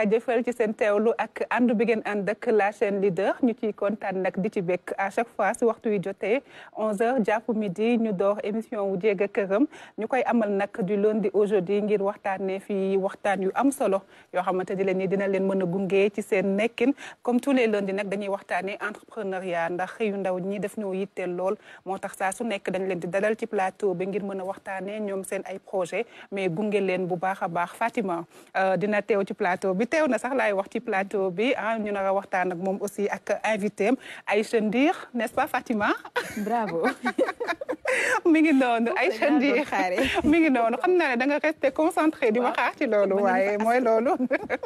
jaajëfal ci seen teewlu ak ànd bi ngeen ànd ak la chaîne leader ñu ciy kontaan nag di ci bekk à chaque fois si waxtu wi jotee 11h jàpp midi ñu door émission wu jéeg a këram ñu koy amal nag du lundi aujourd'hui ngir waxtaanee fii waxtaan yu am solo yoo xamante di leen ni dina leen mën a gunge ci seen nekkin comme tous les lundis nag dañuy waxtaanee entrepreneuriat ndax xëyu ndaw ñi def ñoo yitteel lool moo tax saa su nekk dañ leen di dalal ci plateau bi ngir mën a waxtaanee ñoom seen ay projet mais gunge leen bu baax a baax Fatima euh, dina teew ci plateau bi. teew na sax laay wax ci plateau bi ah ñu nar a waxtaan ak moom aussi ak invité am Aïcha Ndir n'est-ce pas Fatima. bravo. mi ngi noonu Aïcha Ndir mi ngi noonu xam naa ne danga nga resté di ma xaar ci loolu waaye mooy loolu.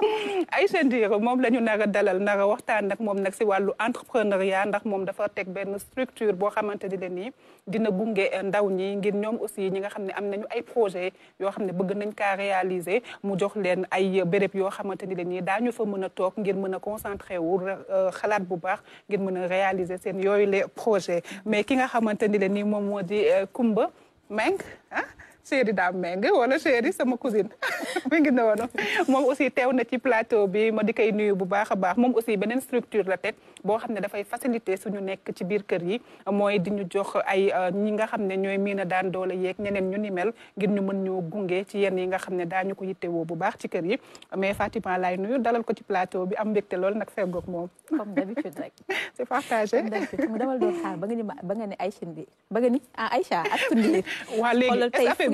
Aïcha Ndir moom la ñu nar dalal nar waxtaan nag moom nag si wàllu entrepreneuriat ndax moom dafa teg benn structure boo xamante ne nii dina gunge ndaw ñi ngir ñoom aussi ñi nga xam ne am nañu ay projet yoo xam ne bëgg nañ kaa réaliser mu jox leen ay béréb yoo xamante ni da ñi daa ñu fa mën a toog ngir mën a concentré wu euh, xalaat bu baax ngir mën a réaliser seen yooyu les projets mais ki nga xamante ni leen ni moom moo di Kumba euh, Meng ah chéri daam meng wala chéri sama cousine mu ngi noonu moom aussi teew na ci plateau bi ma di koy nuyu bu baax a baax moom aussi beneen structure la teg boo xam ne dafay faciliter suñu nekk ci biir kër yi mooy di ñu jox ay euh, ñi nga xam ne ñooy miin a daan doole yeeg ñeneen ñu ni mel ngir ñu mën ñoo gunge ci yenn yi nga xam ne daañu ko yittewoo bu baax ci kër yi mais Fatima laay nuyu dalal ko ci plateau bi am mbégte lool nag feggoog moom comme d'habitude rek c'est partagé mu demal doon xaar ba nga ni ba nga ni Aïcha bi ba nga ah,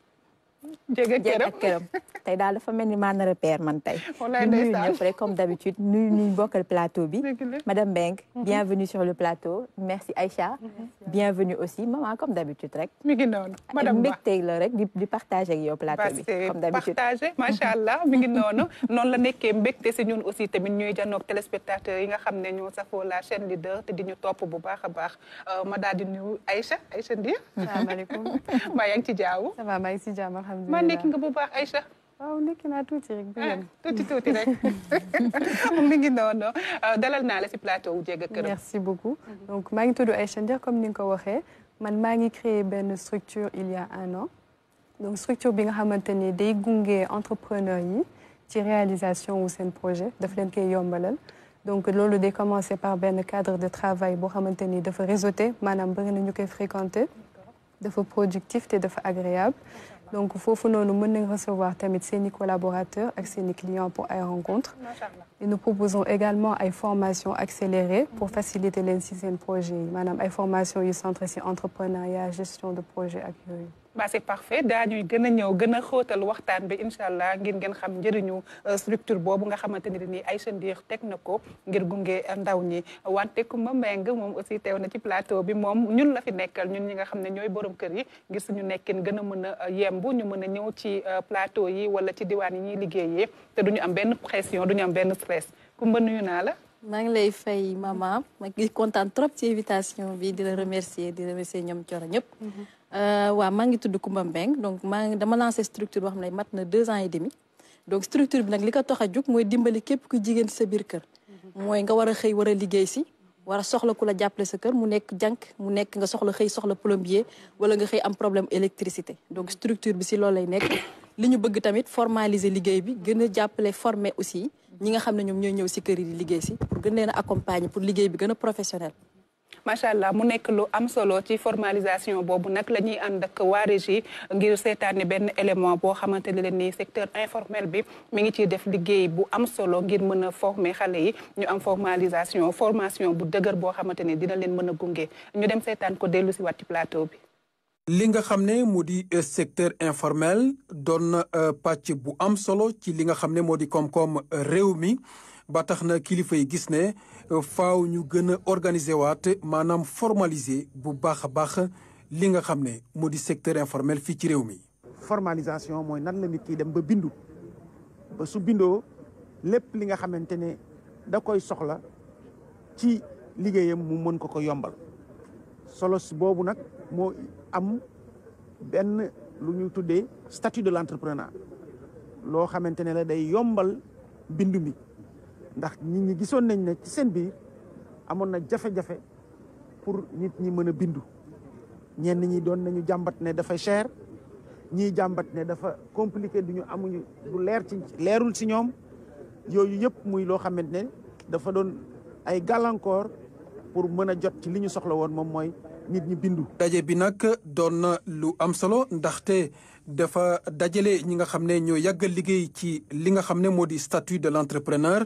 jege këram këram tey daal dafa mel ni maa man tey di nuyu ñëpp rek comme d'habitude nuyu ñu bokkal plateau bi madame Mbengue mhm. bienvenue sur le plateau merci Aïcha bienvenue aussi maman comme d'habitude rek mi ngi noonu ah, madame mbégte la rek di di partager ak yow plateau bi comme d'habitude partager macha allah mi ngi noonu noonu la nekkee mbégte si ñun aussi tamit ñuy janoog yi nga xam ne ñoo safoo la chaîne leader te di ñu topp bu baax a baax euh, ma daal di nuyu Aïcha Aïcha Ndir salaamaaleykum mbaa ci jaawu ça va maa alhamdulilah maa nekki nga bu baax Aïcha. waaw nekk naa tuuti rek. tout ah, tuuti tuuti rek mi ngi noonu euh, dalal naa la si plateau wu Jéeg merci beaucoup donc maa ngi tudd Aïcha Ndiaye comme ni nga ko waxee man maa ngi créé benn structure il y a un an donc structure bi nga xamante ni day gunge entrepreneur yi ci réalisation wu seen projet daf leen koy yombalal. donc loolu day commencé par benn cadre de travail boo xamante ni dafa réseauté maanaam bëri na ñu koy fréquenter dafa productif te dafa agréable donc nous noonu nous recevoir tamit collaborateurs et ses clients pour une rencontres et nous proposons également une formations accélérées pour faciliter l'incision projet Madame une formation centrée sur l'entrepreneuriat, gestion de projet accueillis. ba c'est parfait daañuy gën a ñëw gën a xóotal waxtaan bi incha allah ngir ngeen xam njëriñu euh, structure boobu nga xamante ni ne nii Aïcha Ndir teg na ko ngir gunge ndaw ñi wante Kumba Mbeng moom aussi teew na ci plateau bi moom ñun la fi nekkal ñun ñi nga xam ne ñooy borom kër yi ngir suñu nekkin gën a mën a euh, yemb ñu mën a ñëw ci euh, plateau yi wala ci diwaan yi ñuy liggéeyee te du ñu am benn pression duñu am benn stress Kumba nuyu naa la maa ngi lay fay mama ma ngi kontaan trop ci invitation bi di la remercier di ñëpp mm-hmm. Je euh, suis ngi Koumba Mbeng donc suis structure il xam ne deux ans et demi donc structure bi nag li ko tax pour que dimbali puissent ku sa qui nga la sa plombier problème électricité donc structure bi si formaliser liguey bi gëna jappalé former aussi ñi nga xam ne nous ñëw pour gën accompagner pour liguey bi professionnel. macha allah mu nekk lu am solo ci formalisation boobu nag la ñuy ànd ak waa régie ngir seetaani benn élément boo xamante ne leen ni secteur informel bi mi ngi ciy def liggéey bu am solo ngir mën a former xale yi ñu am formalisation formation bu dëgër boo xamante ne dina leen mën a gunge ñu dem seetaan ko dellu si ci plateau bi. li nga xam ne moo di euh, secteur informel doon na euh, pàcc bu am solo ci li nga xam ne moo di koom-koom euh, réew mi ba tax na kilifa yi gis ne. faaw ñu gën a organiser waat maanaam formaliser bu baax a baax li nga xam ne moo di secteur informel fii ci réew mi. formalisation mooy nan la nit ki dem ba bindu ba su bindoo lépp li nga xamante ne da koy soxla ci liggéeyam mu mën ko ko yombal solo si boobu nag moo am benn lu ñu tuddee statut de l'entrepreneur loo xamante ne la day yombal bindu mi. ndax nit ngi gisoon nañ ne ci seen biir amoon na jafe-jafe pour nit ñi mën a bindu ñenn ñi doon nañu jàmbat ne dafa cher ñii jàmbat ne dafa compliqué du ñu amuñu du leer ci leerul ci ñoom yooyu yëpp muy loo xamante ne dafa doon ay gàllankoor pour mën a jot ci li ñu soxla woon moom mooy nit ñi bindu. daje bi nag doon na lu am solo ndaxte dafa dajale ñi nga xam ne ñoo yàggal liggéey ci li nga xam ne moo di statut de l'entrepreneur.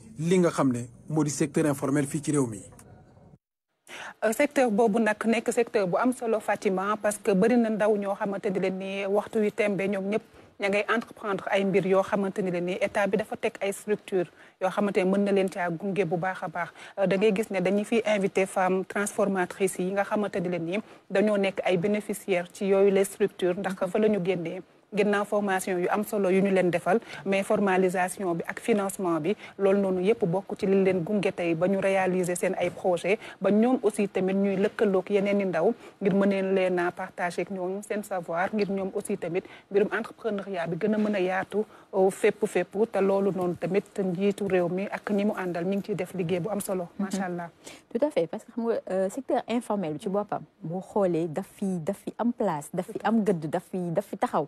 li nga xam ne moo di secteur informel fii ci réew mi. Euh, secteur boobu nag nekk secteur bu am solo Fatima parce que bëri na ndaw ñoo xamante ni leen ni waxtu wi tembe ñoom ñëpp ña ngay entreprendre ay mbir yoo xamante ni leen ni état bi dafa teg ay structure yoo xamante ne mën na leen caa gunge bu baax a baax euh, da gis ne dañuy fi invité femmes transformatrices yi nga xamante ni leen ni dañoo nekk ay bénéficiaires ci yooyu les structures ndax fa la ñu génnee ginnaaw formation yu am solo yu ñu leen defal mais formalisation bi ak financement bi loolu nonu yépp bokku ci li leen gungé tay ba ñu réaliser seen ay projet ba ñoom aussi tamit ñuy lëkkaloog yeneen i ndaw ngir mëneen leen a partager ak ñoom seen savoir ngir ñoom aussi tamit birum entrepreneuriat bi gëna mëna mën a yaatu euh, fépp fépp te loolu noonu tamit njiitu réew mi ak ñi mu àndal ñu ngi ciy def liggéey bu am solo mhm. macha allah tout à fait parce que xam nga euh, secteur informel ci bopam boo xolé daf fi daf fi am place daf fi am gëdd daf fi daf fi taxaw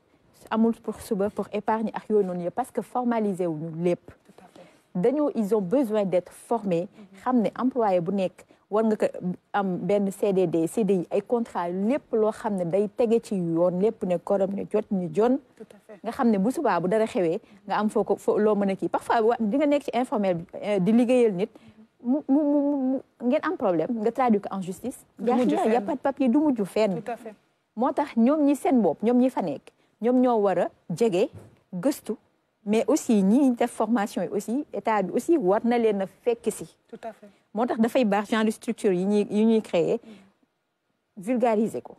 amul pour suba pour épargne ak yooyu parce que formaliser ou wuñu lépp dañu ils ont besoin d'être formés xamné employé bu nek war nga ko am ben CDD CDI ay contrat lépp lo xamné day tege ci yoon lépp ne korom ne jot ñu jonne nga xamné bu suba bu dara xewé nga am foo lo mëna ki parfois di nga nek ci informel euh, di liggéeyal nit mu mu mu ngeen am problème nga traduire ko en justice il y a pas de papier du mujju fenn moo motax ñom ñi sen bop ñom ñi fa nek ñom ñoo wara a jege gëstu mais aussi ñi def formation aussi état bi aussi war na leen a fekk si. tout à fait motax da fay baax genre structure yi ñi yi ñuy créer vulgariser ko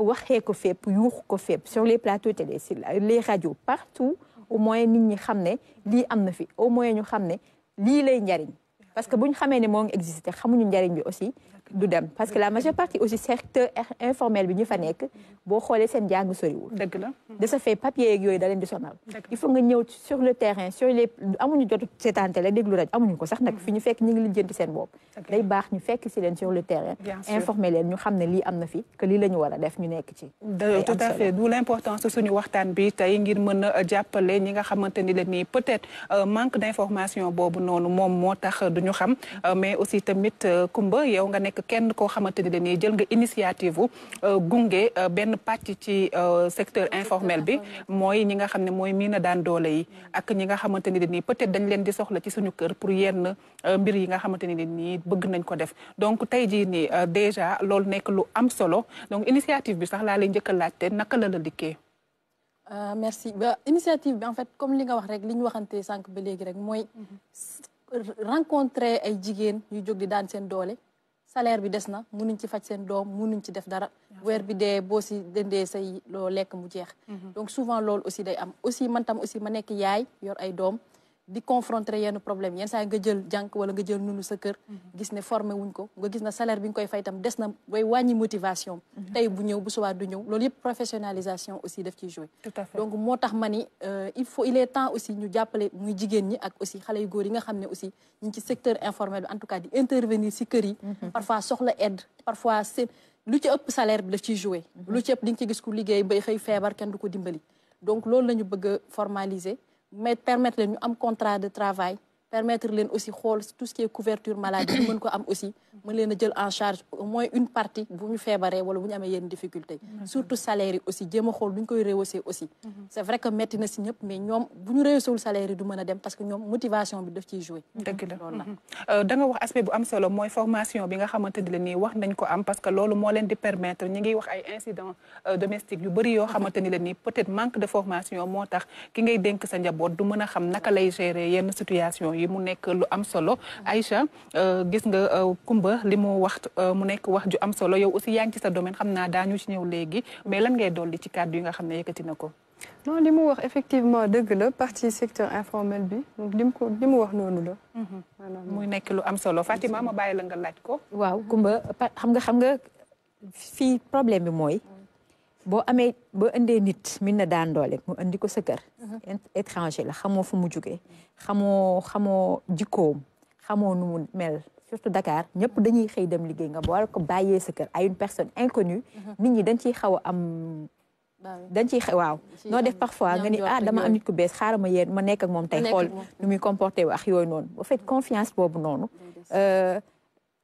waxé ko fep yuux ko fep sur les plateaux télé sur les radios partout au moins nit ñi xamné li lii am na fi au moins ñu xamné li lay njariñ parce que buñ xamé né mo ngi exister xamu ñu njariñ bi aussi du dem parce que la majeure partie aussi secteur informel bi ñu fa nekk boo xoolee seen jàng soriwul. deug la de sa fait papier ak yoy da len di sonal. il faut nga ñew sur le terrain sur les amuñu jot seetaante la déglu rajo amuñu ko sax nak mm-hmm. fi ñu fekk ñi ngi lijjanti sen bop day baax ñu fekk ci len sur le terrain. informer len ñu xamné li amna fi que li lañu wara def ñu nek ci. tout à fait d'où l'importance suñu waxtaan bi tay ngir mëna jappalé ñi nga xamante ni la nii peut-être euh, manque d'information bobu nonu mom motax duñu xam euh, mais aussi tamit euh, Kumba yow nga nekk kenn koo xamante ni dañuy jël nga initiative wu euh, gunge euh, benn pàcc ci euh, secteur informel bi mooy ñi nga xam ne mooy mii na daan doole yi ak ñi nga xamante ni dañuy peut-être dañ leen di soxla ci suñu kër pour yenn mbir yi nga xamante ni nii bëgg nañ ko def donc tey jii nii déjà loolu nekk lu am solo donc initiative bi sax laa lay njëkk a laajte naka la la dikkee merci ba initiative bi en fait comme li nga wax rek li ñu waxante sànq ba léegi rek mooy mhm. rencontrer ay jigéen ñu jóg daan seen doole salaire bi des na munuñ ci faj seen doom munuñ ci def dara weer bi dee boo si dendee say loo lekk mu jeex mhm. donc souvent loolu aussi day am aussi man tam aussi ma nekk yaay yor ay doom di confronter yenn problème yenn saa nga jël jank wala nga jël nunu sa kër mhm. gis ne formé wuñ ko nga gis na salaire bi nga koy fay tam des na way wàññi motivation mhm. tay bu ñëw bu suwaa du ñëw loolu yëpp professionnalisation aussi daf ciy jouer donc moo tax ma ni euh, il faut il est temps aussi ñu jàppale muy jigéen ñi ak aussi xale yu góor yi nga xam ne aussi ñu ci secteur informel bi en tout cas di intervenir si kër yi mhm. parfois soxla aide parfois c'est lu ci ëpp salaire bi daf ciy jouer lu ci ëpp di nga ci gis ku liggéey bay xëy feebar kenn du ko dimbali donc loolu la ñu bëgg formaliser mais permettre leen ñu am contrat de travail permettre leen aussi xool tout ce qui est couverture maladie ñu mën ko am aussi mën leen a jël en charge au moins une partie bu ñu feebaree wala bu ñu amee yenn difficulté surtout salaire yi aussi jéem a xool koy rehausser aussi mhm. c'est vrai que métti na si ñëpp mais ñoom bu ñu rehausser salaire yi du mën a dem parce que ñoom motivation bi daf ciy jouer dëgg la loolu mhm. euh, da nga wax aspect bu am solo mooy formation bi nga xamante ne nii wax nañ ko am parce que loolu moo leen di permettre ñi ngi wax ay incidents euh, domestiques yu bëri yoo xamante la nii peut-être manque de formation moo tax ki ngay dénk sa njaboot du mën a xam naka lay gérer yenn situation yi yi mu nekk lu am solo Aïcha euh, gis nga euh, Kumba li mu wax euh, mu nekk wax ju am solo yow aussi yaa ngi ci sa domaine xam naa daañu ci ñëw léegi mais lan ngay dolli ci kàddu yi nga xam ne yëkkati na ko non li mu wax effectivement dëgg la partie secteur informel bi donc mu la. Mhm. nekk lu am solo Fatima ma bàyyi la nga laaj ko. waaw Kumba xam nga xam nga fii problème bi mooy. boo amee ba indee nit min na daan doole mu indi ko sa kër. Mhm. étranger la xamoo fu mu jugee. xamoo xamoo jikkoom xamoo nu mu mel surtout Dakar ñëpp dañuy xëy dem liggéey nga boole ko bàyyee sa kër à une personne inconnue. Mhm. nit ñi dañ ciy xaw a am. dañ xew waaw noo def parfois nga ni ah dama am nit ku bees xaaral ma yéen ma nekk ak moom tey xool nu muy comporté wu ak yooyu noonu bu fait confiance boobu noonu euh,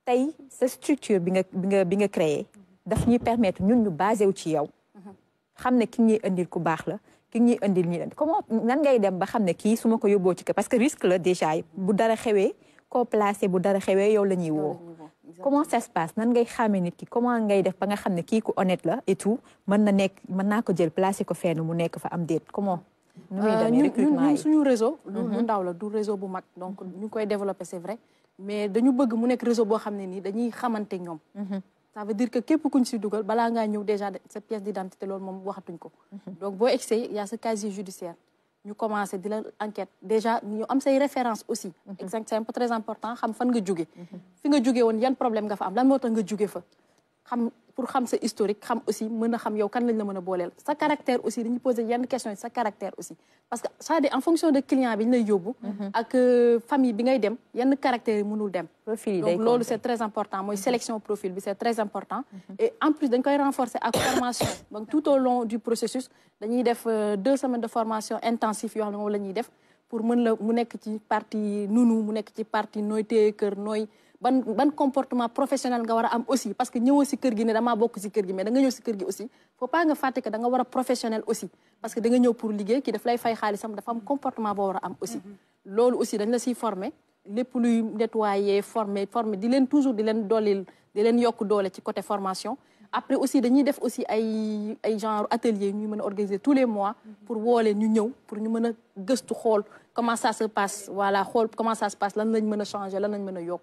tey sa structure bi nga bi nga bi nga créé daf ñuy permettre ñun ñu basé wu ci yow xam ne ki ñuy indil ku baax la ki ñuy indil ñi comment nan ngay dem ba xam ne kii su ma ko yóbboo ci kër parce que risque la déjà bu dara xewee koo placé bu dara xewee yow la ñuy woo comment ça se passe nan ngay xàmmee nit ki comment ngay def ba nga xam ne kii ku honnête la et tout mën na nekk mën naa ko jël placé ko fenn mu nekk fa am déet comment euh, ñun suñu réseau lu mhm. ndaw la du réseau bu mag donc mhm. ñu koy développé c'est vrai mais dañu bëgg mu nekk réseau boo xam ne nii dañuy xamante ñoom mhm. ça veut dire que képp ku ñu si dugal balaa ngaa déjà cette pièce d'identité loolu moom waxatuñ ko. Mhm. donc essayez il y a ce casier judiciaire ñu commençons di enquête déjà ñu am say référence aussi. Mhm. exact c'est très important xam fan nga jóge mhm. fi nga jóge woon yan problème nga fa am lan moo tax nga jóge fa xam pour xam sa historique xam aussi mën a xam yow kan lañ la mën a booleel sa caractère aussi dañuy poser yenn question sa caractère aussi parce que ça à en fonction de client bi ñu lay yóbbu mhm. ak euh, famille bi ngay dem yenn caractère yi mënul dem donc loolu c'est très important mooy mhm. sélection profil bi c'est très important mhm. et en plus dañ koy renforcer ak formation donc tout au long du processus dañuy def euh, deux semaines de formation intensive yoo xam ne moom la ñuy def pour mën la mu nekk ci partie nunu mu nekk ci partie nooy téye kër nooy ban ban comportement professionnel nga wara am aussi parce que ñëw ci kër gi né dama bok ci kër gi mais da nga ñëw ci kër gi aussi faut pas nga faté que da nga wara professionnel aussi parce que da nga ñëw pour liggéey ki daf lay fay xaalisam dafa am comportement bo wara am aussi mm-hmm. lolu aussi dañ la ci former lépp luy nettoyer former former di leen toujours di leen dolil di leen yok dolé ci côté formation après aussi dañuy def aussi ay ay genre atelier ñuy mëna organiser tous les mois mm-hmm. pour wolé ñu ñëw pour ñu mëna a gëstu comment ça se passe voilà xol comment ça se passe lan lañ mëna changer lan lañ mëna yok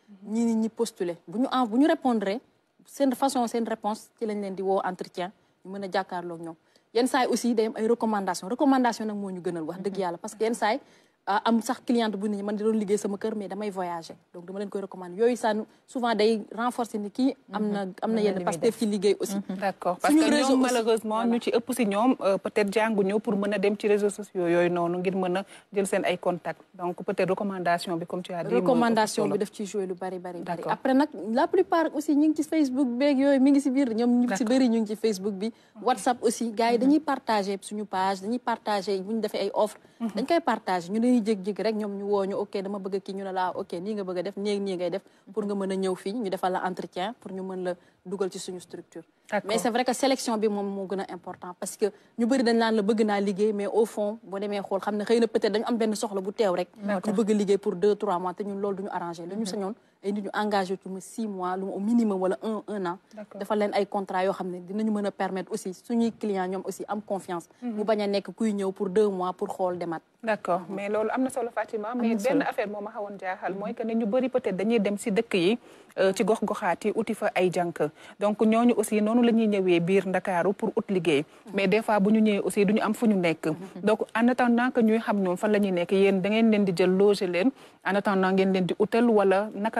ñi ñi postuler bu ñu en bu ñu répondre seen façon seen réponse ci lañ leen di woo entretien ñu mën a jàkkaarloo ak ñoom yenn saay aussi day am ay recommandation recommandation nag moo ñu gënal wax dëgg yàlla parce que yenn saay ah, am sax cliente bu ni man di doon liggéey sama kër mais damay voyager donc dama leen koy recommander yooyu ça souvent day renforcer ni ki amna mhm. amna am na yenn Pastef liggéey aussi mhm. d'accord parce que ñoom malheureusement ñu ci ëpp ci ñom euh, peut-être jànguñu pour mën dem ci réseaux sociaux yooyu noonu ngir mën jël seen ay contact donc peut-être recommandation bi comme tu as dit recommandation bi daf ci jouer lu bari bari bari après nak la plupart aussi ñing ci Facebook beeg yooyu mi ngi si bir ñom ñu ci bari ñu ngi ci Facebook bi mhm. WhatsApp aussi gars yi dañuy partager suñu page dañuy partager bu ñu ay offre dañ koy partager dañuy jékki-jékki rek ñoom ñu woo ok dama bëgg kii ñu ne laa ok nii nga bëgg def nii nii def pour nga mën a ñëw fii ñu defal la entretien pour ñu mën la dugal ci suñu structure mais c'est vrai que sélection bi moom moo gën a important parce que ñu bëri dañ naan bëgg naa liggéey mais au fond boo demee xool xam ne xëy na peut-être am benn soxla bu teew rek ñu bëgg liggéey pour deux trois mois te ñun loolu duñu arrangé lu ñu sañoon ay nit ñu engagé tu ma six mois au minimum wala un un an dafa leen ay contrat yo xam ne dinañu mën permettre aussi suñuy client ñoom aussi am confiance ñu mhm. bañ a nekk kuy ñëw pour deux mois pour xool demaat d' accord mais loolu amna solo Fatima mais ben affaire moma xawon xawoon jaaxal mooy que ñu bari peut être dañuy dem ci dëkk yi euh, ci gox goxati outil fa ay jank donc ñoñu aussi nonu lañuy ñëwé ñëwee biir ndakaaru pour ut liguey mhm. mais des fois bu ñu ñëwee aussi duñu am fuñu ñu nekk mhm. donc en attendant que ñuy xam ñom fa lañuy ñuy nekk yéen da ngeen leen di jël loger leen en attendant ngeen leen di utal wala naka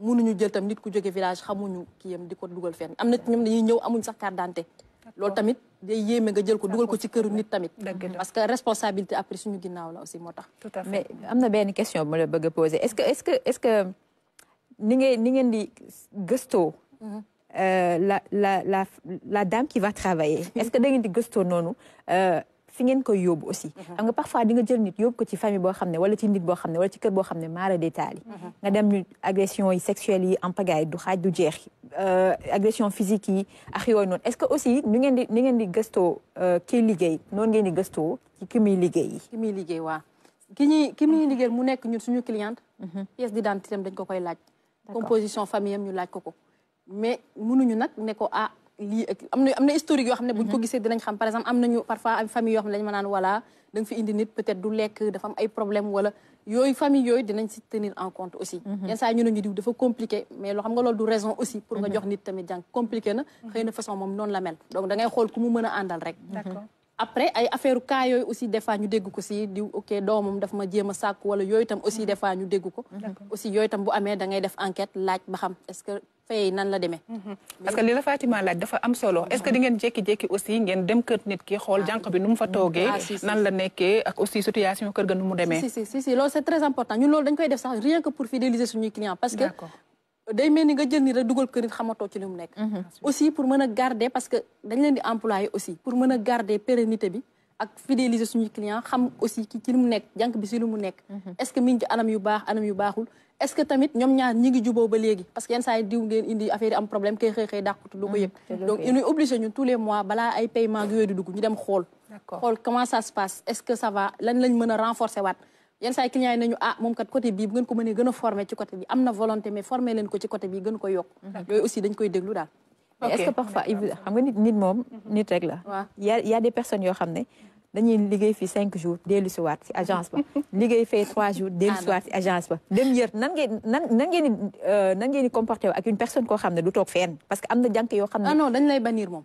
mënuñu jël tam nit ku jóge village xamuñu kii yam di ko dugal fen am na ñoom dañuy ñëw amuñ sax carte d'identité loolu tamit day yéeme nga jël ko dugal ko ci këru nit tamit parce que responsabilité après suñu ginnaaw la aussi moo tax mais am na benn question ma la bëgg a poser est-ce que est-ce que ni ngeen ni ngeen di gëstoo mhm. euh, la la la la dame qui va travailler est-ce que da ngeen di gëstoo noonu euh, fi ngeen koy yóbbu aussi mhm. xam nga parfois di nga jël nit yob ko ci famille bo xamné wala ci nit bo xamné wala ci kër bo xamné mara maara mhm. nga dem ñu agression yi sexuelle yi en pagaille du xaj du jeex euh, agression physique yi ak yooyu non est-ce que aussi ñu ngeen di ñu ngeen di euh ki liggéey non ngeen di gesto ci ki muy liggéey yi ki muy liggéey wa ki ñuy ki liggéey mu nekk ñun suñu cliente mhm. pièce d'identité am dañ ko koy laaj composition famille am ñu laaj ko ko mais mënu ñu nak ne ko ah lii ak am na am na historique yoo xam ne buñ ko mhm. gisee dinañ xam par exemple am nañu parfois ay famille yoo xam ne dañ ma naan voilà da nga fi indi nit peut-être du lekk dafa am ay problème wala yooyu famille yooyu dinañ si tenir en compte aussi mhm. yenn saa ñu ne ñu diw dafa compliqué mais xam nga loolu du raison aussi pour nga mhm. jox nit tamit jàng compliqué na xëy na façon moom la mel donc da xool ku mën a àndal rek après ay affaire cas yoy aussi des fois ñu dégg ko si di ok domum daf ma jéem a wala yoy tam aussi des fois ñu dégg ko aussi yoy tam bu amé da ngay def enquête laaj ba xam est-ce que fay nan la démé mhm. parce que lila la Fatima laaj dafa am solo mhm. est-ce que di ngeen jékki-jékki aussi ngeen dem kër nit ki xol ah. jank bi num fa togué ah, nan la nekkee ak aussi situation keur ga nu démé si si si si loolu c'est très important ñun loolu dañ koy def sax rien que pour fidéliser suñu client parce que day mel ni nga jël ni rek dugal kër it xamatoo ci li mu nekk. Mhm. aussi pour mën a garder parce que dañ leen di employé aussi pour mën a garder pérennité bi ak fidéliser suñuy client xam aussi ci li mu nekk jànk bi si li mu nekk. Mhm. est-ce ngi anam yu baax anam yu baaxul. est tamit ñoom ñaar ñi ngi juboo ba léegi parce que yenn saa yi diw ngeen affaire yi am problème kay xëy xëy dàqut du ko yëg mhm, donc il est obligé tous les mois balaa ay paiement yenn saa yi client yi nañu ah moom kat côté bii bu ngeen ko mënee gën a former ci côté bi am na volonté mais ci côté bi gën yokk yooyu aussi dañ koy déglu daal est que parfois xam nga nit nit moom mhm. nit rek la y a y a des personnes xam ne dañuy liggéey fi cinq jours dellu si waat si agence ba liggéey fee trois jours dellu si ah, waat si agence ba dem yër nan ngeen nan nan ngeen euh, nan ngeen di comporté ak une personne koo xam ne du toog fenn parce que am na jànk yoo xam ne ah non dañ lay bannir moom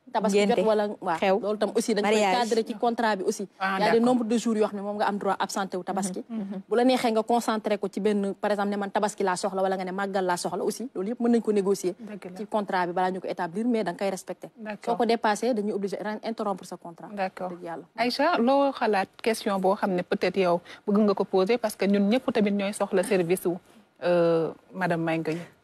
tabaski jot wala waaw xew loolu tam aussi dañ koy cadré ci contrat bi aussi ah, y a des nombre de jours yoo xam ne moom nga am droit absenté wu tabaski mm-hmm. Mm-hmm. bu la neexee nga concentré ko ci benn par exemple ne man tabaski laa soxla wala nga ne màggal laa soxla aussi loolu yëpp mën nañ ko négocier ci contrat bi balaa ñu ko établir mais da nga koy respecté ko dépassé dañuy obligé interrompre sa contrat d'accord yàlla Aïcha loo xalaat question boo xam ne peut-être yow bëgg nga ko poser parce que ñun ñëpp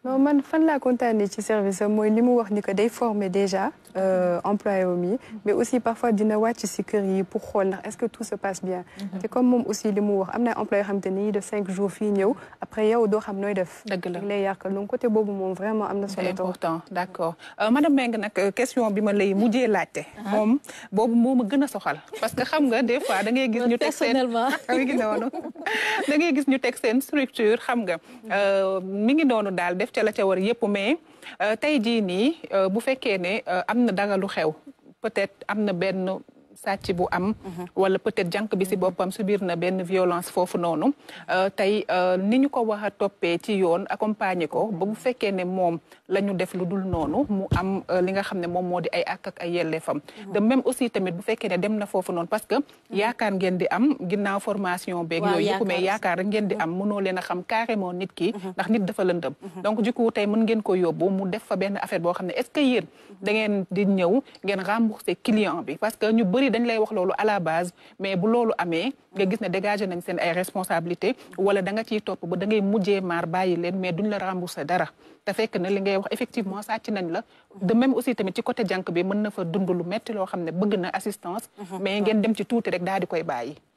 non man fan la kontaanee ci service am mooy li mu wax ni que day former déjà euh, employé am yi mais aussi parfois dina wàcc si kër pour xool est-ce que tout se passe bien C'est mhm. comme moom aussi li mu wax am na employé xam te ni de cinq jours fii ñëw après yow doo xam nooy def dëgg la lay yàqal donc côté boobu moom vraiment am na solo important d'accord euh, madame Meng, nag euh, question bi ma lay mujjee laajte ah. moom boobu moo ma gën a soxal parce que xam nga des fois da ngay gis ñu teg seen mi ngi noonu da ngay gis ñu teg seen structure xam nga mi ngi noonu daal a la ca war yëpp mais euh, tey jii nii euh, bu fekkee ne euh, am na dara lu xew peut-être am na benn sàcc bu am mhm. wala peut-être jànq bi si mhm. boppam subir na benn violence foofu noonu euh, tey euh, ni ñu ko wax a toppee ci yoon accompagner ko ba bu fekkee ne moom la ñu def lu dul noonu mu am euh, li nga xam ne moom moo di ay àq ak ay yelleefam mhm. de même aussi tamit bu fekkee ne dem na foofu noonu parce que yaakaar ngeen di am ginnaaw formation beeg yooyu mais yaakaar ngeen di am mënoo leen a xam carrément nit ki ndax nit dafa lëndëm donc du coup tey mën ngeen ko yóbbu mu def fa benn affaire boo xam ne est-ce que yéen da ngeen di ñëw dañ lay wax loolu à la base mais bu loolu amee nga gis ne dégagé nañ seen ay responsabilité wala danga nga ciy topp ba da ngay mujjee maar bàyyi leen mais duñ la remboursé dara te fekk na li ngay wax effectivement sàcc nañ la de aussi tamit ci côté jànk bi mën na fa dund lu metti loo xam ne bëgg na assistance mhm. mais ngeen dem ci tuuti rek daal di koy bàyyi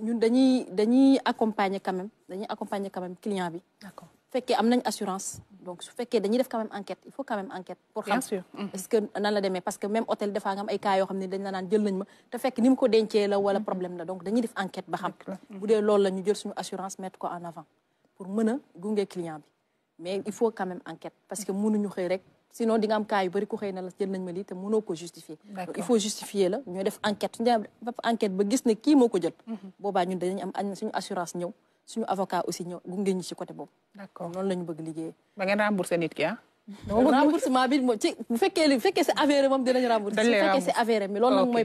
ñun dañuy dañuy accompagner quand même dañuy accompagner quand même client bi. d'accord fekké fekkee am nañ assurance. donc su fekké dañuy def quand même enquête il faut quand même enquête. pour sûr est-ce mm-hmm. que nan la démé parce que même hôtel defa nga am ay cas yo xam dañ la nan jël nañ ma te fekk nim ko dencee la wala mm-hmm. problème la donc dañuy def enquête ba xam. Mm-hmm. boudé dee loolu la ñu jël suñu assurance mettre ko en avant pour mën a client bi mais il faut quand même enquête parce que ñu xey rek. si di nga am cas ku xëy na la jël nañ ma lii te mënoo ko justifier il faut justifier la ñu def enquête ba gis ne kii moo ko jël mhm. boobaa ñun dañu suñu assurance ñëw suñu avocat aussi ñëw gunge ñu ci côté boobu d'accord noonu la bëgg liggéey ba ngeen rembourser nit ki ah remboursement bi moom bu fekkee li bu fekkee c'est avéré moom dinañ bu fekkee c'est avéré mais loolu mhm.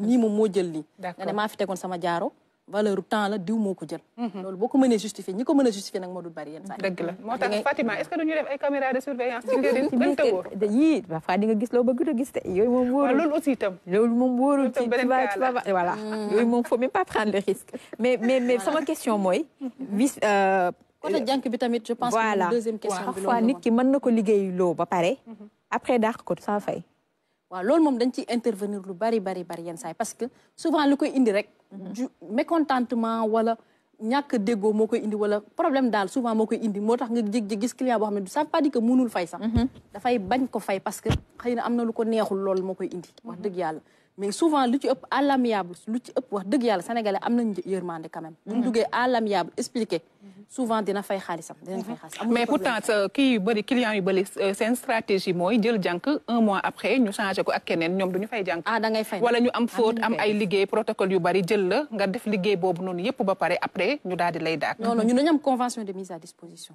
mhm. moom moo jël lii nga ne maa fi tegoon sama jaaro valeur temps la diw moko jël. Mhm. lolou boko meune justifier ñi ko mën justifier nak moo bari yenn saa deug la moo Fatima est-ce que duñu def ay caméra de surveillance. ci biir yi ba fa di nga gis lo bëgg a gis te yooyu moom wóorul. aussi tam lolou mom wóorul ci voilà. Mm. yoy mom faut même pas prendre le risque. mais mais mais sama question mooy. Mhm. vice. Euh, côté euh, jank bi tamit je pense que deuxième question bi parfois nit ki mën na ko liggéey loo ba pare. Mhm. après dàq code sans fay. waaw loolu moom dañ ci intervenir lu bari bari bari yenn saay parce que souvent lu koy indi rek mhm. ju mécontentement wala ñàkk déggoo moo koy indi wala problème daal souvent moo koy indi moo tax nga jeg jég gis client bo xam ne du sa veut pas dire que mënul fay sax mhm. dafay bañ ko fay parce que xëy na am na lu ko neexul lool moo koy indi wax mhm. dëgg yàlla mais souvent lu ci à l'amiable lu ci ëpp wax dëgg sénégalais am nañ quand même. à l'amiable expliqué. souvent dina fay xaalisam dina fay mais pourtant euh, kii yu bëri client yu bëri euh, seen stratégie mooy jël jànk un mois après ñu changé ko ak keneen ñoom du fay ah wala ñu am ah, faute am ay liggéey protocole yu jël la nga def liggéey après ñu daal di non convention de mise à disposition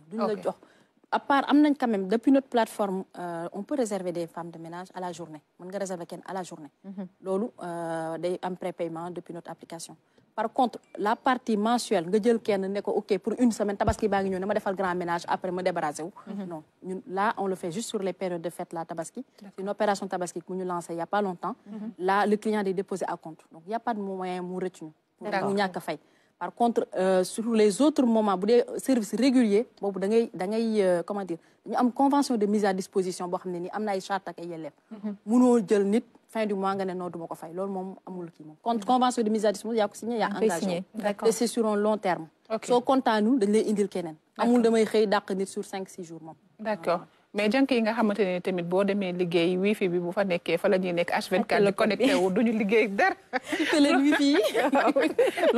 à part quand même depuis notre plateforme euh, on peut réserver des femmes de ménage à la journée On peut réserver à la journée mhm. loolu euh, day am prépaiement depuis notre application par contre la partie mensuelle nga jël kenn ok pour une semaine tabaski baa faire le de grand ménage après on débarrassé wu mhm. non là on le fait juste sur les périodes de fête la tabaski une opération tabaski que ñu lancée il n'y a pas longtemps mhm. là le client est déposé à compte donc il n'y a pas de moyen de retenir. ñu mu ñàkk faire par contre euh, sur les autres moments bu dee service régulier boobu da ngay da ngay euh, comment dire une am convention de mise à disposition boo xam ne ni am na ay charte ak ay yelleef mhm. jël nit fin du mois nga ne non du ma ko fay amul contre mhm. convention de mise à disposition yaa ko signé yaa engagé te c'est sur un long terme soo kontaanul dañ lay indil keneen amul damay xëy dàq nit sur cinq six jours moom d'accord mais jànk yi nga xamante ne tamit boo demee liggéey wifi bi bu fa nekkee fa la ñuy nekk H24 di connecté wu duñu liggéey dara te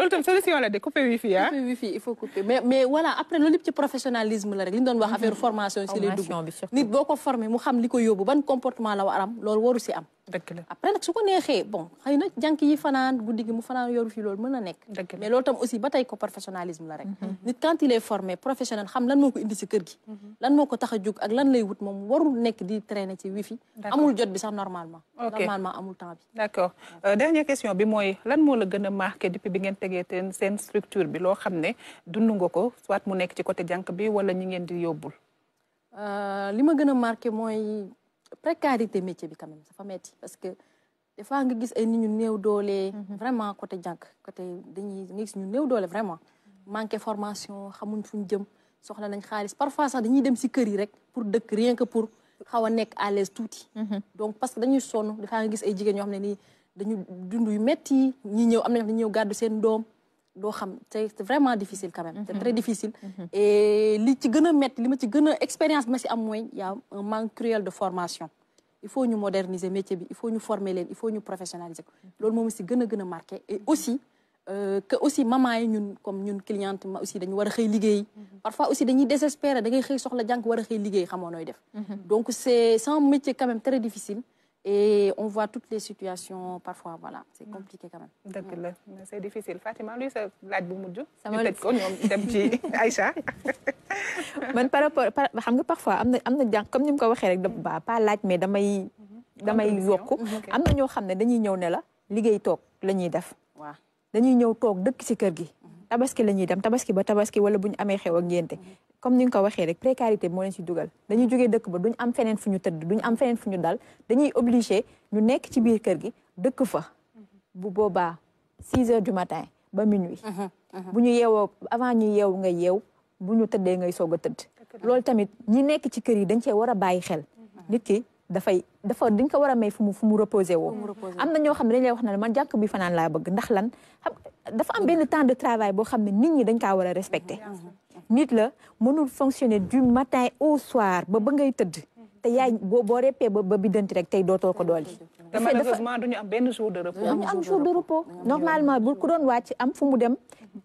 tam solution la de couper wifi ah couper wifi mais mais voilà après loolu yëpp ci professionnalisme la rek li ñu doon wax affaire formation si lay dugg nit boo ko formé mu xam li ko yóbbu ban comportement la war am waru si am après nag su neexee bon xëy na jànk yi fanaan guddi gi mu fanaan yoru fi loolu mën na nekk mais loolu tam aussi ba tey ko professionnalisme la rek mm-hmm. nit quand il est formé professionnel xam lan ngay wut moom warul nekk di traîner ci wifi amul jot bi sax normalement normalement amul temps bi d' accord euh, dernière question bi mooy lan moo la gën a marqué depuis bi ngeen tegee teen seen structure bi loo xam ne dund nga ko soit mu nekk ci côté jànq bi wala ñi ngeen di yóbbul euh, li ma gën a marqué mooy précarité métier bi quand même dafa metti parce que des fois nga gis ay nit ñu néew doole mhm. vraiment côté jànq côté dañuy nga gis ñu néew doole vraiment manqué formation xamuñ fu jëm soxla nañ xaalis parfois sax dañuy dem si kër yi rek pour dëkk rien que pour xaw a nekk à l'aise tuuti. Mhm. donc parce que dañuy sonn dafaa nga gis ay jigéen ñoo xam ne nii dañu dund yu metti ñi ñëw am nañu dañu ñëw gàddu seen doom doo xam c'est vraiment difficile quand même. c'est mhm. très difficile. Mhm. et li ci gën a metti li ma ci gën a expérience ma si am mooy y a un manque cruel de formation. il faut ñu moderniser métier bi il faut ñu former leen il faut ñu professionnaliser ko loolu moom si gën a gën a marqué et aussi. Euh, que aussi maman yi ñun comme ñun cliente aussi dañu nous a xëy mhm. parfois aussi dañuy nous désespérer de xëy soxla jànk war a xëy liggéey xamoo nooy def mhm. donc c'est sans un métier quand même très difficile et on voit toutes les situations parfois voilà c'est mhm. compliqué quand même. dëgg c'est difficile Fatima lui c'est la bu mujj. sama ñu tëj ko ñoom dem ci Aïcha. man par rapport xam nga parfois am na am comme nous mu ko waxee rek da ba pas laaj mais damay. damay yokk am na ñoo xam ne dañuy ñëw ne la là toog toc ñuy def. dañuy ñëw toog dëkk ci kër gi tabaski la ñuy dem tabaski ba tabaski wala bu ñu amee xew ak ngénte comme ni nga ko waxee rek précarité moo leen ci dugal dañuy jógee dëkk ba duñ am feneen fu ñu tëdd duñ am feneen fu ñu dal dañuy obligé ñu nekk ci biir kër gi dëkk fa bu boobaa 6 heures du matin ba minuit uh-huh, uh-huh. bu ñu yeewoo avant ñu yeew nga yeew bu ñu tëddee ngay soog a tëdd loolu tamit ñi nekk ci kër yi dañ cee war a bàyyi xel uh-huh. ki dafay dafa dañ ko war a may fu mu fu mu reposé woo am na ñoo xam ne dañ lay wax ne man jànk bi fanaan laa bëgg ndax lan dafa am benn temps de travail boo xam ne nit ñi dañ kaa war a respecté mm-hmm. mm-hmm. mm-hmm. nit la mënul fonctionner du matin au soir ba ba ngay tëdd te yaay boo boo reppee ba ba biddanti rek tey dootoo ko dool yi malheureusement duñu am benn jour de repos duñu am jour de repos normalement bu ku doon wàcc am fu mu dem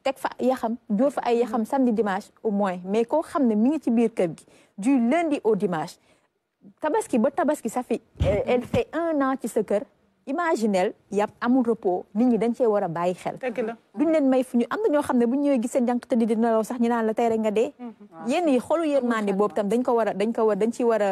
teg fa yaxam joor fa ay yaxam samedi dimanche au moins mais koo xam ne mi ngi ci biir kër gi du lundi au dimanche tabaski ba tabaski ça fait euh, elle fait un an ci sa kër imaginel yàpp amul repos nit ñi dañ cee war a bàyyi xel duñ leen may fu ñu am na ñoo xam ne bu ñu ñëwee gis seen jànq tëdd di sax ñu naan la tey rek nga dee mm-hmm. yenn yi xolu yërmande boobu tam dañ ko war a dañ ko war dañ ci war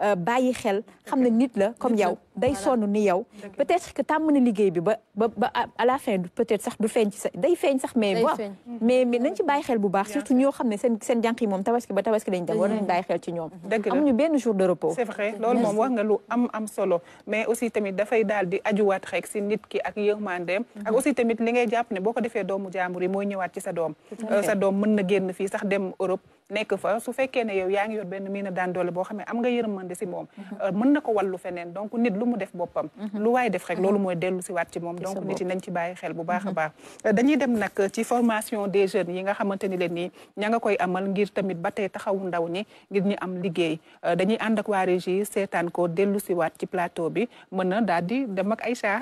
Euh, bàyyi xel xam ne nit la comme yow day sonn ni yow peut-être que tàmm na liggéey bi ba ba ba à la fin peut-être sax du feeñ ci sa day feeñ sax mais wa mais mais nañ ci bàyyi xel bu baax surtout ñoo xam ne seen seen jànq yi moom tabaski ba tabaski dañ dem war nañ mm-hmm. bàyyi xel ci ñoom amuñu benn jour de repos c'est vrai loolu moom wax nga lu am am solo mais aussi tamit dafay daal di ajuwaat rek si nit ki ak yërmandeem mm-hmm. ak aussi tamit li ngay jàpp ne boo ko defee doomu jaambur mooy ñëwaat ci sa doom euh, sa mën na génn fii sax dem Europe nekk fa su fekkee ne yow yaa ngi yor benn mii na daan doole boo xam ne am nga yërmande si moom mhm. euh, mën na ko wallu feneen donc nit lu mu def boppam mhm. lu waaye def rek mhm. loolu mooy dellu si waat ci moom donc nit yi ci bàyyi xel bu baax baax euh, dañuy dem nag ci formation des jeunes yi nga xamante ni leen nii ña nga koy amal ngir tamit ba tey taxawu ndaw ñi ngir ñu am liggéey euh, dañuy ànd ak waa seetaan ko dellu si waat ci plateau bi mën na daal di dem ak Aïcha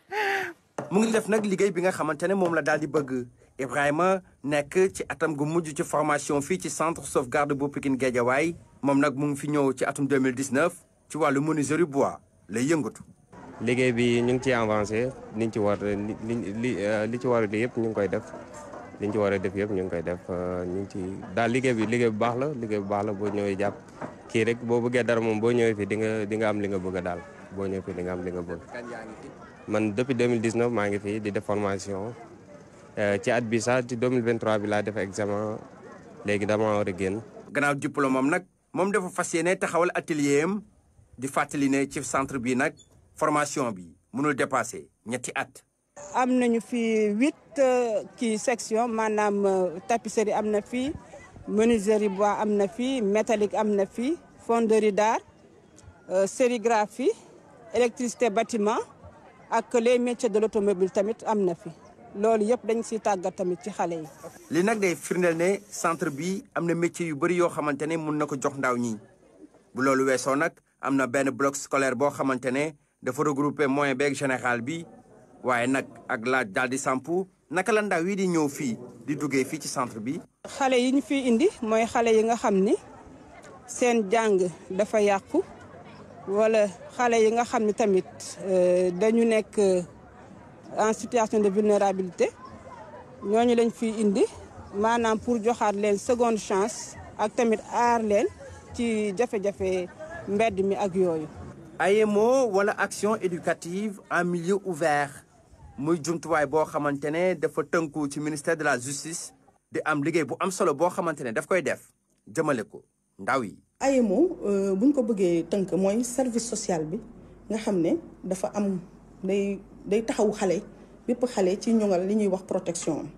mu ngi def nag liggéey bi nga xamante ne moom la daal di bëgg Ibrahima nekk ci atam gu mujj ci formation fii ci centre sauvegarde bu Pikine Guédiawaye moom nag mu ngi fi ñëw ci atum 2019 ci wàllu menuiserie bois lay yëngatu. liggéey bi ñu ngi ciy avancé liñ ci war li li li euh, ci war a yëpp ñu ngi koy def liñ ci war a def yëpp ñu ngi koy def euh, ñu ngi ci daal liggéey bi liggéey bu baax la liggéey bu baax la boo ñëwee jàpp kii rek boo bëggee dara moom boo ñëwee fi di nga di nga am li nga bëgg daal boo ñëwee fi di nga am li nga bëgg. man depuis 2019 maa ngi fi di def Euh, ci at bi sax ci 2023 bi laa def examen léegi dama war a génn. gannaaw diplôme am nag moom dafa fas yéene taxawal atelier am di fàttali ne ci centre bi nag formation bi mënul dépasser ñetti at. am nañu fi huit euh, kii section maanaam euh, tapisserie am na fi menuiserie bois am na fi métallique am na fi fonderie d'art sérigraphie électricité bâtiment ak les métiers de l'automobile tamit am na fi. loolu yëpp dañ si tàggat tamit ci xale yi. li nag day firndeel ne centre bi am na métier yu bëri yoo xamante ne mun na ko jox ndaw ñi bu loolu weesoo nag am na benn bloc scolaire boo xamante ne dafa regroupé moyen beeg général bi waaye nag ak laaj daal di sampu naka la ndaw yi di ñëw fii di duggee fii ci centre bi. xale yi ñu fi indi mooy xale yi nga xam ni seen jàng dafa yàqu wala xale yi nga xam ni tamit euh, dañu nekk. en situation de vulnérabilité ñooñu lañ fi indi manam pour joxat leen seconde chance ak tamit ar leen ci jafé jafé mbedd mi ak yoyu. AEMO wala action éducative en milieu ouvert muy jumtuwaay boo xamante ne dafa tënku ci ministère de la justice de am liguey bu am solo bo xamantene daf koy def jëmele ko ndaw yi. AEMO euh, buñ ko bëggé teunk moy service social bi nga xamné dafa am day. day taxaw xale bépp xale ci ñoŋal li ñuy wax protection am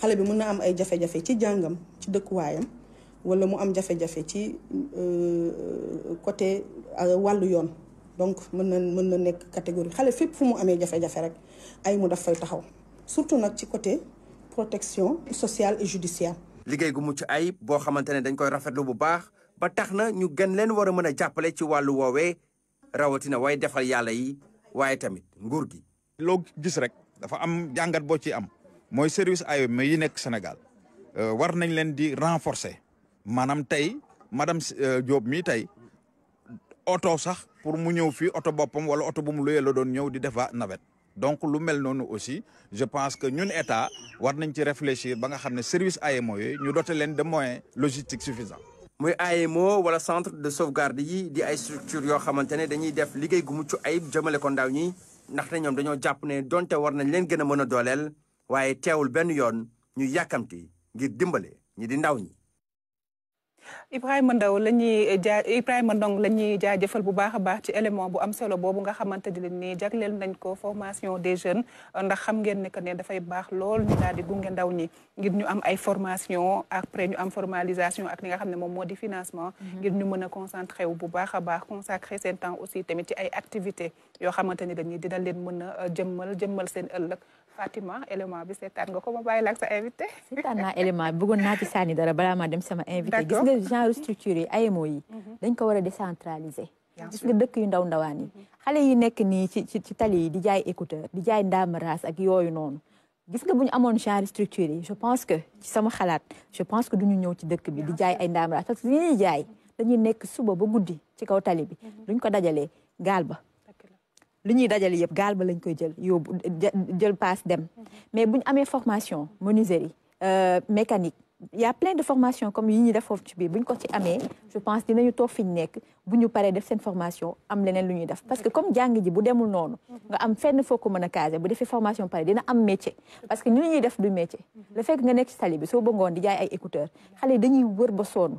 xale bi mën na am ay jafe-jafe ci jàngam ci dëkkuwaayam wala mu am jafe-jafe ci euh, côté euh, wàllu yoon donc mën na mën na nekk catégorie xale fépp fu mu amee jafe-jafe rek ay mu daf fay taxaw surtout nag ci côté protection sociale et judiciaire. liggéey gu mucc ayib boo xamante ne dañ koy rafetlu bu baax ba tax na ñu gën leen war a mën a jàppale ci wàllu woowee rawatina way defal yàlla yi waaye tamit nguur gi. lo gis rek dafa am jangat bo ci am moy service AOM yi nekk Sénégal euh, war nañ len di renforcer manam tay madame euh, Diop mi tay auto sax pour mu ñew fi auto bopam wala auto bu mu luyee la doon ñew di defa navette donc lu mel noonu aussi je pense que ñun état war nañ ci réfléchir ba nga xamné service AEMO yooyu ñu dote leen de moyens logistiques suffisants moy AEMO wala centre de sauvegarde yi di ay structure yoo xamante dañuy def liggéey gu muccu ayib jëmale ko ndaw ñi ndaxte ñoom dañoo jàpp ne donte war nañ leen gën a mën a dooleel waaye teewul benn yoon ñu yàkkamti ngir dimbale ñii di ndaw ñi Ibrahima Ndaw la ñuy jaa Ibrahima Ndong la ñuy jaajëfal bu baax a baax ci élément bu am solo boobu nga xamante ne nii jagleel nañ ko formation des jeunes ndax xam ngeen ne que ne dafay baax lool ñu daal di gunge ndaw ñi ngir ñu am ay formation après ñu am formalisation ak li nga xam ne moom moo di financement. Mhm. ngir ñu mën a concentré wu bu baax a baax consacré seen temps aussi tamit ci ay activités yoo xamante ne dañuy dina leen mën a jëmmal jëmmal seen ëllëg. Fatima élément bi seetaan nga ko ma bàyyi la ak sa invité. seetaan naa élément bi bëggoon naa ci dara balaa dem sama invité. gis nga genre structure yi AEMO yi. Mhm. dañ ko war a décentraliser. gis nga dëkk yu ndaw ndawaan yi. Mhm. xale yi nekk nii ci tali yi di jaay écouteur di jaay ndaamaraas ak yooyu noonu. gis nga bu ñu amoon genre structure yi je pense que ci sama xalaat je pense que du ñu ñëw ci dëkk bi di jaay ay ndaamaraas parce que li ñuy jaay dañuy nekk suba ba guddi ci kaw tali bi. Mhm. duñ ko dajalee gaal li ñuy dajale yépp gaal ba lañ koy jël yóbbu jël paas dem mais buñ ñu amee formation menuiserie euh, mécanique y a plein de formations comme yi ñuy def foofu ci biir buñ ko ci amee je pense dinañu toog fi ñu nekk bu ñu paree def seen formation am leneen lu ñuy def parce que comme jàng ji bu demul noonu nga am fenn foo ko mën a caser bu defee formation pare dina am métier parce que ñu ñuy def du métier le fait que nga nekk ci tali bi soo bëggoon di jaay ay écouteur xale yi dañuy wër ba sonn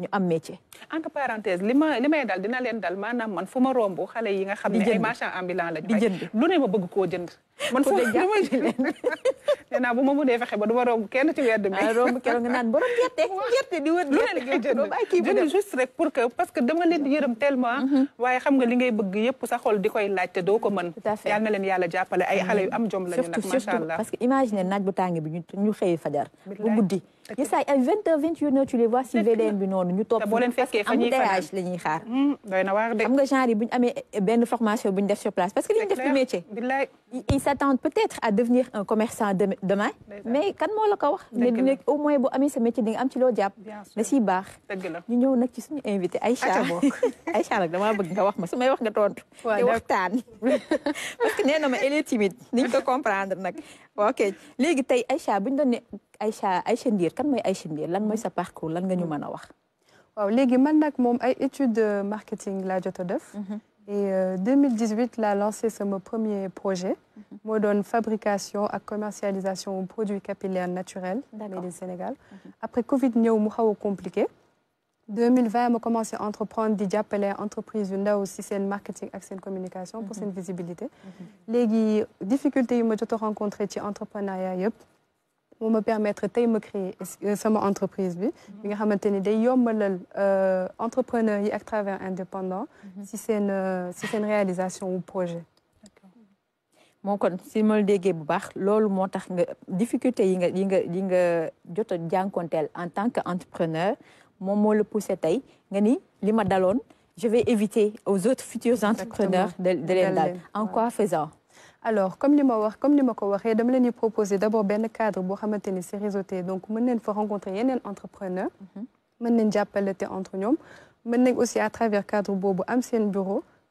ñu am métier. entre parenthèse li ma li may dal dina leen dal maanaam man fu ma romb xale yi nga xam ne ay marchand ambulant lañu. di jënd lu ne ma bëgg koo jënd. man foofu lu ma jënd nee naa bu ma mënee fexe ba du ma romb kenn ci wedd bi. ah romb keroog nga naan borom gerte gerte di wër gerte gi jënd lu ne la kii jënd que dama leen di yërëm tellement. Mhm. waaye xam nga li ngay bëgg yëpp sa xol di koy laaj te doo ko mën. tout yal na leen yàlla jàppale ay xale yu am jom lañu nag. macha allah surtout surtout parce que imagine naaj bu tàng guddi Yes, ça, 20h, 21h, tu les vois, si Vélène, mais non, nous t'offrons. C'est bon, on fait ce qu'il faut. Je suis en train de formation sur place. Parce que les gens ont Ils s'attendent peut-être à devenir un commerçant demain. Mais quand même, au moins, si tu as un petit peu de temps, tu as petit peu de temps. Merci beaucoup. Nous sommes invités. Aïcha, Aïcha, je vais te dire. Je vais te dire. Parce que nous sommes timides. Nous devons comprendre. Ok. légui tay Aïcha buñ ñu Aïcha Aïcha dir, kan moy Aïcha dir, lan moy sa parcours lan nga ñu mëna wax. waaw légui man nak mom ay étude marketing la jot def. Mhm. et 2018 euh, l'a lancé mon premier projet. Mhm. moo doon fabrication à commercialisation produits capillaires naturels. mais du Sénégal. Mhm. après Covid ñeu mu xaw a compliqué. 2020 j'ai commencé à entreprendre di jàppale entreprise c'est ndaw marketing ak une communication pour une mhm. visibilité mhm. Les difficultés que je rencontrées dans l'entrepreneuriat, ci me permettre de me créer euh, sama entreprise Je vais mhm. nga xamante des day yombalal euh, entrepreneur à travers indépendant si c'est euh, si réalisation réalisation un projet Mon kon si je déggee bu baax loolu moo tax nga difficulté yi nga yi nga en tant qu'entrepreneur, entrepreneur mon mot le poussé tey nga ni je vais éviter aux autres futurs entrepreneurs de de en quoi faisant alors comme je ma comme ni ma ko waxee dama proposer d'abord un cadre pour maintenir ces réseaux donc mën nañ rencontrer un entrepreneur mhm. mën nañ appeler entre ñoom mën nañ aussi à travers cadre boobu am un bureau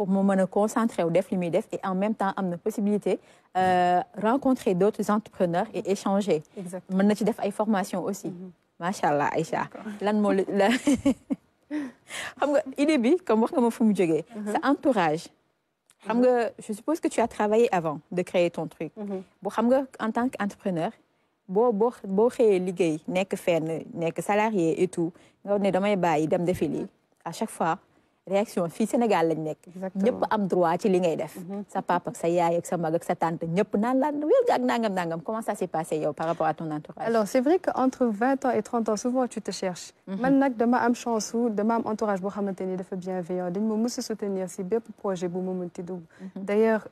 pour me mën concentrer au def li def et en même temps am na possibilité euh, rencontrer d'autres entrepreneurs et échanger. exactement mën na ci def ay formations aussi. Mhm. macha allah Aïcha lan mo, la xam nga idée bi comme wax nga ma fu mu jógee. Mhm. sa entourage. xam mhm. nga je suppose que tu as travaillé avant de créer ton truc. bo xam nga en tant qu'entrepreneur. boo bo boo xëyee liggéey nekk fenn nekk salarié et tout nga ne damay bàyyi dem defi lii à chaque fois réaction fi Sénégal lañ nek ñëpp am droit ci li ngay def. Mhm. sa papa ak sa yaay ak sa mag ak sa tante ñëpp naan la wël ak nangam nangam comment ça s'est passé yow par rapport à ton entourage. alors c'est vrai que entre 20 ans et 30 ans souvent tu te cherches. Mhm. man nag dama am chance ou dama am entourage bo xamanteni dafa bienveillant dañ mo mës a soutenir ci bépp projet bu mhm. euh, ma mënti dugg. d'ailleurs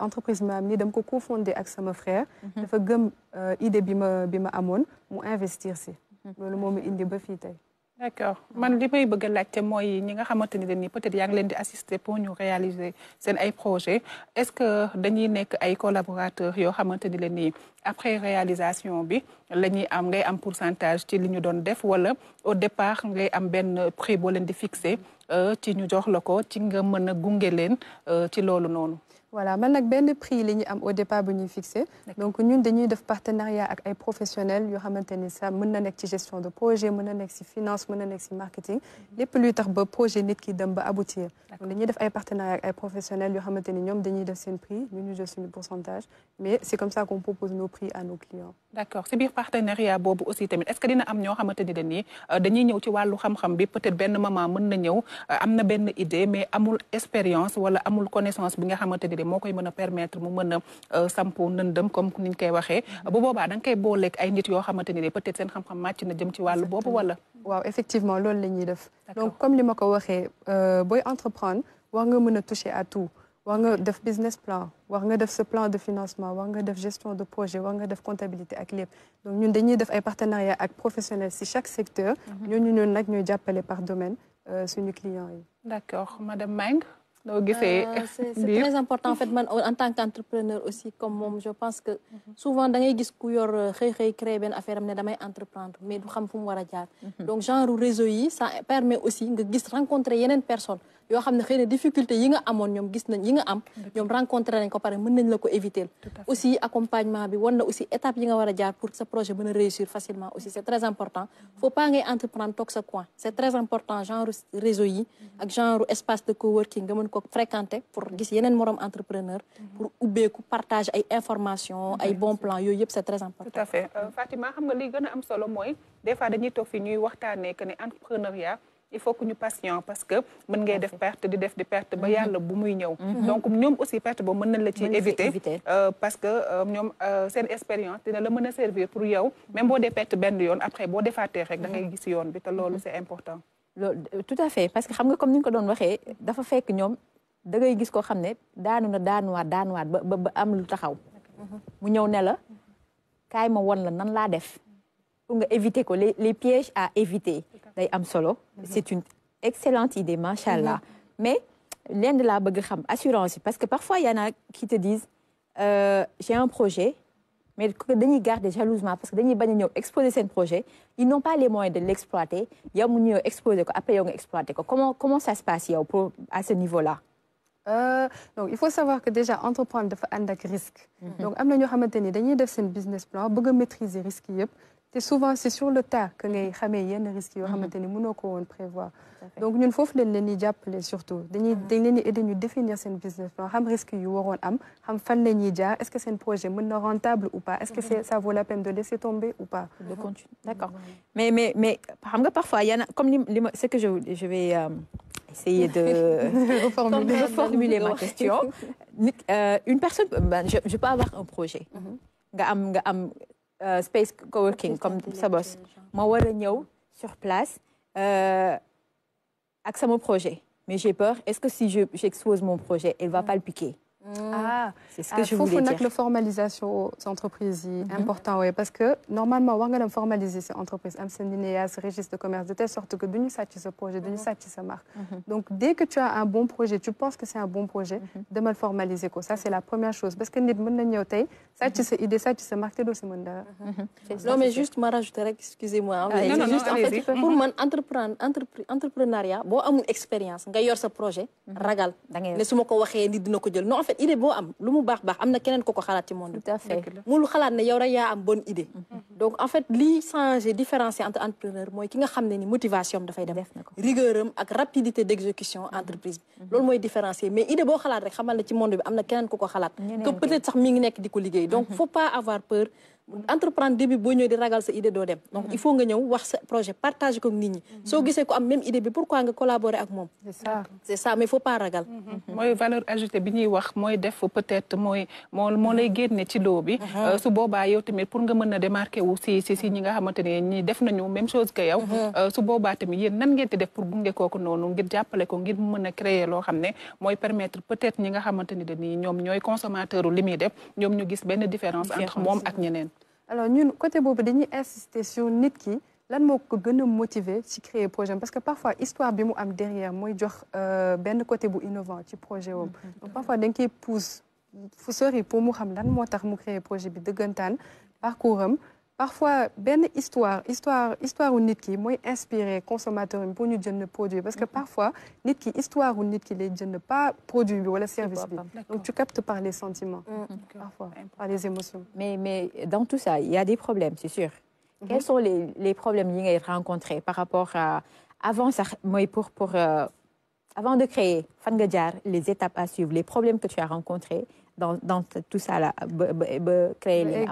entreprise Maam ni dama ko cofondé ak sama frère. dafa gëm euh, idée bi ma bi ma amone mu investir ci loolu moo indi ba fi tay d' man li may bëgg a moy mooy ñi nga xamante ni peut-être ya ngi leen di assister pour ñu réaliser sen ay projet est-ce que dañuy nekk ay collaborateurs yo xamante leen ni après réalisation bi lañuy am ngay am pourcentage ci li ñu doon def wala au départ ngay am benn prix bo leen di fixé euh, ci ñu jox la ko ci nga mëna gungé gunge leen euh, ci lolu noonu voilà man nag benn prix la ñu am au départ bu ñuy fixé donc ñun dañuy def partenariat ak ay professionnels yoo xamante ni ça mën na ci gestion de projet mën na nekk finance mën na nekk marketing mhm. lépp luy tax ba projet nit ki dem ba aboutir donc dañuy def ay partenariat ak ay professionnels yoo xamante ni ñoom dañuy def seen prix ñu ñu jël suñu pourcentage mais c'est comme ça qu'on propose nos prix à nos clients D'accord. C'est si partenariat boobu aussi tamit est ce que dina am ñoo xamante ni dañuy euh, dañuy ñëw ci wàllu xam-xam bi peut être benn moment mën na ñëw euh, am na benn idée mais amul expérience wala amul connaissance bi nga xamante ni ne moo koy mën a permettre mu mën a euh, sampo nëndëm comme niñ ñu koy waxee bu boobaa da nga koy booleeg ay nit yoo xamante ni peut-être seen xam-xam màcc na jëm ci wàllu boobu wala waaw effectivement loolu la ñuy def donc comme li ma ko waxee euh, booy entreprendre war nga mën a toucher à tout war nga def business plan war nga def ce plan de financement war nga def gestion de projet war nga def comptabilité ak lépp donc ñun dañuy def ay partenariat ak professionnels si chaque secteur mhm. ñooñu ñun nag ñooy jàppale par domaine euh, suñu clients yi d'accord madame Meng c'est euh, très important en fait en tant qu'entrepreneur aussi comme moi je pense que mhm. souvent da ngay gis ku yor euh, xey xey créer ben affaire on damay entreprendre mais du xam fu mu mhm. donc genre réseau ça permet aussi de rencontrer une personne il y a difficulté yi nga amone ñom gis nañ yi nga am ñom rencontré nañ ko paré mën nañ la ko éviter aussi accompagnement bi wonna aussi étape yi nga wara jaar pour que ce projet mën réussir facilement aussi c'est très important faut pas ngay entreprendre tok ce coin C'est très important genre réseau yi ak genre espace de coworking nga mën ko fréquenter pour gis yenen morom entrepreneur pour partager partage ay information ay bon plan yooyu c'est très important tout à fait euh, Fatima xam nga li que am solo moy des fois dañuy tok fi ñuy waxtané que entrepreneuriat il faut que nous passions parce que mën ngay def perte di def di perte ba mhm. yalla bu muy ñëw mhm. Mhm. donc ñom aussi perte boobu mën nañ la ci éviter euh, parce que euh, ñoom euh, seen expérience dina la mën servir pour yow même bo des perte ben yoon après boo defaatee rek da ngay gis yoon bi te lolu c'est important tout à fait parce que xam nga comme niñ nga ko doon waxee dafa fekk ñom da ngay gis ko xamné daanu na wat daanu wat ba am lu taxaw mu ñëw ne la kaay ma won la nan la def éviter les, pièges à éviter c'est une excellente idée machallah mm-hmm. mais l'un de la xam assurance parce que parfois il y en a qui te disent euh, j'ai un projet mais que gardent garder jalousement parce que Denis bañ a ñëw exposer projet ils n'ont pas les moyens de l'exploiter ils ont ñëw exposer ko après ils vont exploiter comment comment ça se passe à ce niveau là euh, donc il faut savoir que déjà entreprendre doit ànd un risque. Mm-hmm. donc am na ñoo xamante ni un def seen business plan bëgg maîtriser maîtriser les risques, te souvent c'est sur le tas que ngay xamee yenn risques yoo mhm. xamante ni mënoo prévoir donc ñun foofu les leen di jàppale surtout dañuy mhm. dañ leen di aider ñu définir seen business plan xam risque yu waroon am xam fan la ñuy jaar est-ce que un projet rentable ou pas est-ce que c'est mhm. ça vaut la peine de laisser tomber ou pas de continuer d'accord mais mais mais xam nga parfois y en a comme ce que je je vais euh, essayer de reformuler, ma question euh, une personne ben, je, je peux avoir un projet am am euh, space coworking comme sa boss Moi, on suis sur place à euh, mon projet mais j'ai peur est-ce que si je j'expose mon projet elle va pas le piquer Mmh. Ah, c'est ce que je voulais dire. la formalisation aux entreprises, mm importante. important, parce que normalement, on va formaliser ces entreprises, ce registre de commerce, de telle sorte que de ça, tu se projet, de mmh. ça, tu se marque. Mmh. Donc, dès que tu as un bon projet, tu penses que c'est un bon projet, de me le formaliser. Ça, c'est la première chose. Parce que nous, nous, ça, tu sais, idée, ça, tu sais, marque, c'est monde. Non, mais juste, je rajouterais, excusez-moi. Hein, ah, non, non, juste, en fait, pour moi, entrepreneuriat, bon, une expérience, d'ailleurs, ce projet, ragal, mais si il idée bon, am lu mu bax bax amna ko ko ci monde il xalaat ne yow idée mhm. donc en fait li changer différencier entre entrepreneur moy ki nga motivation da dem rigueur am ak rapidité d'exécution mhm. entreprise bi moy mhm. différencier mais idée est xalaat rek xamal na ci monde bi qui ko ko xalaat peut-être sax mi ngi nek donc faut pas avoir peur entreprendre début boo ñëw di ragal sa idée do dem donc il faut nga ñëw wax sa projet partage ko nit ñi so gisee ko am même idée bi pourquoi nga collaborer ak mom c'est ça c'est ça mais faut pas ragal moy mm-hmm. valeur ajoutée bi ñuy wax moy def peut-être moy mon moo lay génne ci lo bi mm-hmm. euh, su boba yow tamit pour nga mëna démarquer wu ci ci ñi nga xamanteni ñi def nañu même chose que yow mm-hmm. euh, su boba tamit yeen nan ngeen di def pour gunge kooku nonu ngir jappalé ko ngir mëna créer lo xamné ne permettre peut-être ñi nga xamanteni ne dañuy ñoom ñooy consommateur u li def ñoom ñu gis ben différence entre mom ak ñeneen alors ñun côté boobu dañuy insister sur nit ki lan moo ko gën motiver ci créer projet parce que parfois histoire bi mu am derrière moy jox euh, benn côté bu innovant ci projet donc parfois dañ koy pousse fu sori pour mu xam lan moo tax mu créer projet bi deugantane parcours parfois ben histoire histoire histoire qui nit ki inspiré consommateur une pour ñu jënd produit parce que mm-hmm. parfois nit histoire ou nit ki de ne pas produit ou le service donc tu captes par les sentiments mm-hmm. parfois par les émotions mais mais dans tout ça il y a des problèmes c'est sûr mm-hmm. quels sont les les problèmes Y as rencontrés par rapport à avant pour pour euh, avant de créer fan les étapes à suivre les problèmes que tu as rencontrés dans tout ça là créer les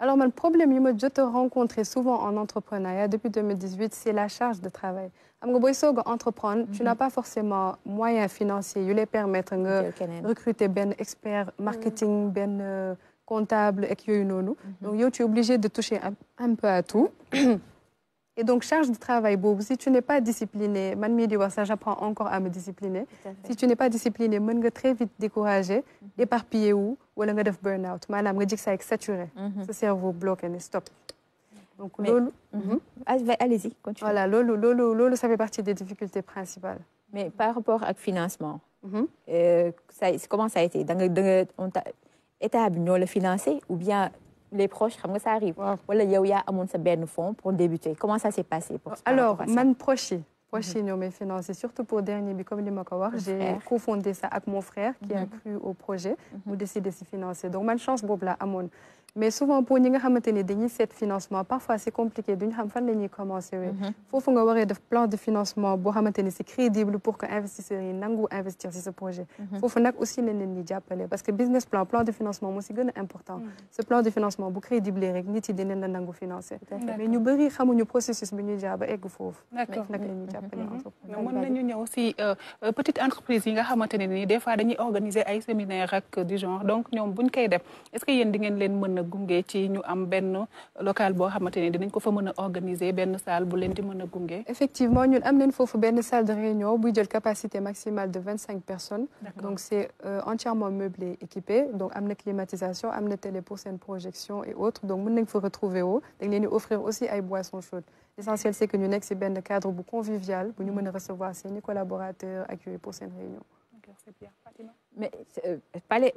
alors, le problème que je te rencontre souvent en entrepreneuriat depuis 2018, c'est la charge de travail. entreprendre, tu mm-hmm. n'as pas forcément moyens financiers qui permettre de recruter des experts marketing, ben comptable, et mm-hmm. Donc, tu es obligé de toucher un peu à tout. Et donc, charge de travail, Bob, si tu n'es pas discipliné, j'apprends encore à me discipliner. Si tu n'es pas discipliné, tu es très vite décourager, éparpillé ou, ou tu as burn-out. je dis que ça est saturé. Ce mhm. cerveau bloque, stop. Donc, Mais... Mhm. Mhm. Ah, bah, allez-y, continue. Voilà, lolo, lolo, lolo, ça fait partie des difficultés principales. Mais par rapport au financement, euh, comment ça a été Est-ce que a, le financé ou bien les proches comment ça arrive. wala il y a un bon fonds pour débuter comment ça s'est passé. pour alors man proche proche yi mes mhm. finances surtout pour dernier comme je l'ai dit, j'ai cofondé ça avec mon frère. qui a mhm. cru au projet. Mhm. mu décidé se financer donc man chance pour à mon mais souvent pour nous, nga avons ni dañuy financement parfois c'est compliqué nous xam fan la ñuy commencer wee faut nga waree def plan de financement boo xamante c'est crédible pour que investisseurs yi nangu investir ci ce projet Il mm-hmm. n'ak aussi la leen ñi parce que business plan plan de financement moo si important mm. ce plan de financement bu crédible rek nit yi dinañ la nangu financer mais ñu bëri xamuñu processus bi ñuy jaar ba faut foofu d'accord nous la ñuy mm-hmm. jàppale mm-hmm. mën aussi euh, euh, petite entreprise yi nga des fois dañuy organiser ay séminaires ak du genre donc ñoom buñ koy def est-ce que yéen di ngeen leen gunge ci ñu am local salle bu leen di a effectivement ñun am salle de réunion bu jël capacité maximale de 25 personnes. donc c'est euh, entièrement meublé équipé donc am climatisation une télé pour une projection et autres donc nous fa retrouver au. dañ leen offrir aussi ay boissons chaudes. L'essentiel, c'est que nous avons un cadre convivial pour nous recevoir nos collaborateurs accueillis pour cette réunion. Pierre. Mais euh,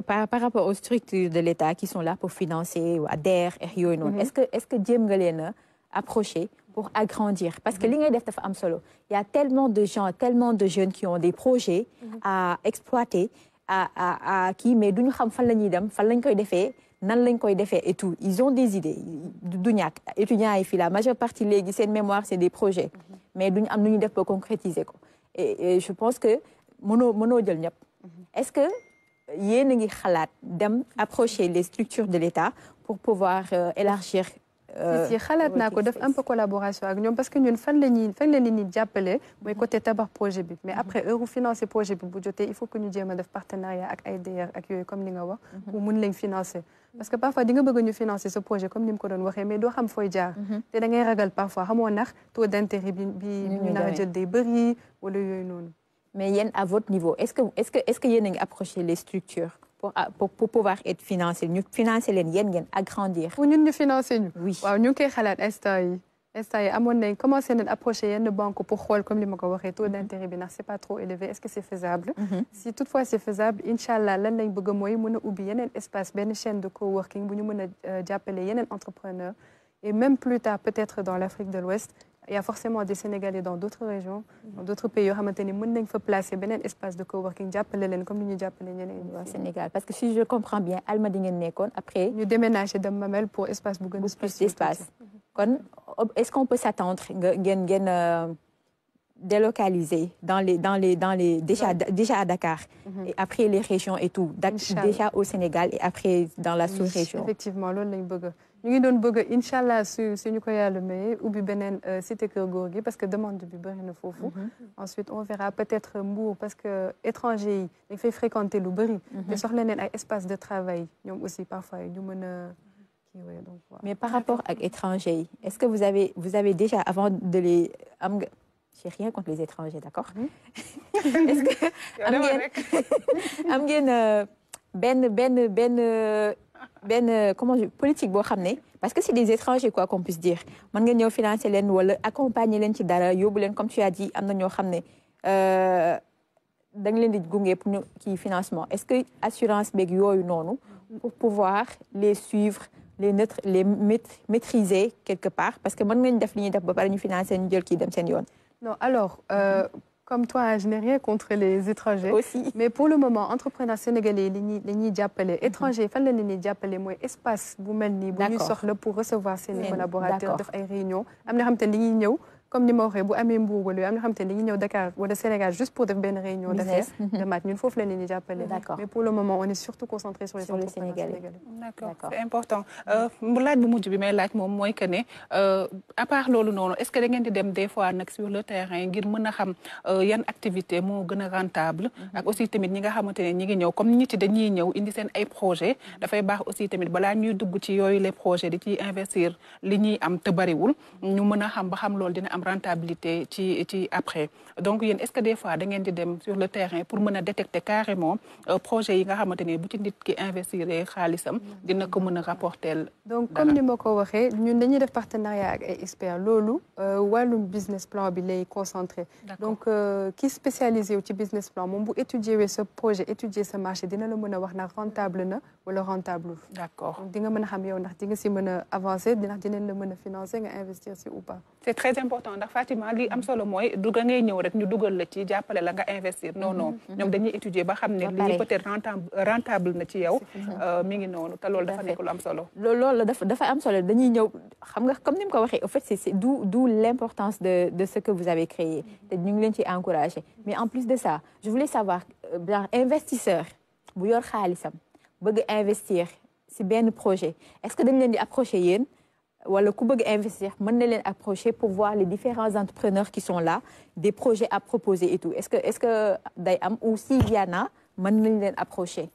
par, rapport aux structures de l'État qui sont là pour financer ou et mhm. est-ce que est-ce que pour agrandir. parce que li ngay def solo. il y a tellement de gens tellement de jeunes qui ont des projets. Mhm. à exploiter à à mais et tout ils ont des idées étudiants la majeure partie de ces mémoire c'est des projets. Mhm. mais ils am des pas concrétiser et je pense que mono mono Mmh. Est-ce que yéen a ngi xalaat dem approcher les structures de l'État pour pouvoir euh, élargir euh, si si xalaat naa def un peu collaboration ak ñom parce que ñun fan la fan la nit jappelé moy mmh. côté tabax projet bi mais mmh. après euro u financer projet bi bu il faut que ñu jéem def partenariat ak ay DR ak yoy comme li nga wax pour mun lañ financer parce que parfois di nga bëgg ñu financer ce projet comme ni ko doon waxé mais do xam foy jaar te da ngay ragal parfois xamoo ndax taux d'intérêt bi ñu na jël day bëri wala yoy noonu mais Yen, à votre niveau est-ce que est-ce que est-ce que a approché les structures. Pour, ah, pour, pour, pouvoir être financé. Nous financer les Yen, yens, agrandir. nous, nous financer. Nous. Oui. Wow, nous, nous avons l'instant. L'instant, nous est commencé à approcher les banque pour voir, comme je l'ai dit, taux d'intérêt, ce n'est pas trop élevé. Est-ce que c'est faisable mhm. Si toutefois c'est faisable, Inch'Allah, ce que nous voulons, y a un espace, une chaîne de coworking, où nous appeler euh, les entrepreneur Et même plus tard, peut-être dans l'Afrique de l'Ouest, il y a forcément des Sénégalais dans d'autres régions, dans d'autres pays, qui ont placer un espace de coworking comme nous l'avons au Sénégal. Parce que si je comprends bien, après... Nous déménageons de Mamel pour espace Bougon. Plus d'espace. Est-ce qu'on peut s'attendre à euh, délocaliser dans les, dans les, déjà, à Dakar, mhm. et après les régions et tout, déjà au Sénégal et après dans la sous-région Effectivement, c'est ñu ngi doon bëgg inshallah allah su su ñu ko yàlla mayee ubbi beneen euh, cité kër góor gi parce que demande bi bëri na foofu. Mhm. ensuite on verra peut-être Mbour parce que étranger yi dañ fay fréquenter lu bëri. Mhm. te soxla neen ay espace de travail ñoom aussi parfois ñu mën a. mais par rapport ak étranger yi est-ce que vous avez vous avez déjà avant de les am nga j'ai rien contre les étrangers d'accord. Mhm. est-ce que am ngeen am ngeen euh, benn benn benn. Euh, ben euh, comment politique bo xamné parce que c'est des étrangers quoi qu'on puisse dire man nga ñëw financer len wala accompagner len ci dara yóbbu len comme tu as dit amna na ñoo xam ne euh, da di gungé pour ñu kii financement est-ce que assurance beeg yoyu noonu pour pouvoir les suivre les neutre les maîtriser quelque part parce que man nga def li ñuy def ba pare ñu financer ñu jël ki dem sen yoon non alors euh, comme toi, je n'ai rien contre les étrangers. Aussi. Mais pour le moment, entrepreneurs sénégalais, les étranger, mhm. étrangers, fan les nids appelés, moi, espace, vous vous pour recevoir ces collaborateurs, et réunions. Amener un petit comme ni ma waxee bu amé mbuur wala yoo am na xamante dañuy ñëw Dakar wala Sénégal juste pour def ben réunion d'affaires de maths ñun fofu la ni ñi mais pour le moment on est surtout concentré sur les Sénégalais d'accord c'est important euh, laaj bu mujj bi mais laaj mom moy que euh à part loolu noonu est-ce que da ngeen di dem des fois nak sur le terrain ngir mëna xam euh yane activité mo gëna rentable ak aussi tamit ñi nga xamante ñi ngi ñëw comme nit yi dañuy ñëw indi sen ay projet fay bax aussi tamit balaa ñuy dugg ci yooyu les projets di ci investir li ñi am te bariwul ñu mëna xam ba xam lolu dina am rentabilité ci ci après donc est-ce que des fois vous ngeen di sur le terrain pour détecter carrément euh, projet yi nga xamante ne bu ci nit ki investir xaalisam dina ko a donc comme ni ma dit, nous ñun dañuy def partenariat ak ay experts loolu euh, le business plan bi concentré donc qui euh, spécialisé dans ci business plan moom bu étudier ce projet étudier ce marché dina le mën a wax rentable ou le rentable d'accord donc nga mën a xam yow ndax si mën avancer ndax dinañ le financer investir ou pas c'est très important important ndax Fatima li am solo mooy dugg ngay ñew rek ñu dugal la ci jappalé la nga investir non non mhm, mhm. ñom dañuy étudier ba xamné li ni peut être rentable na ci yow euh, mi ngi non, ta loolu dafa nekk lu am solo loolu dafa dafa am solo dañuy ñew xam nga comme ni mu ko waxé au fait c'est d'où d'où l'importance de de ce que vous avez créé mhm. té ñu ngi leen ci encourager mais en plus de ça je voulais savoir euh, genre investisseur bu yor xalissam bëgg investir ci ben projet est-ce que dañ leen di approcher yeen le ku investir je approcher pour voir les différents entrepreneurs qui sont là des projets à proposer et tout est-ce que est-ce que day ou approcher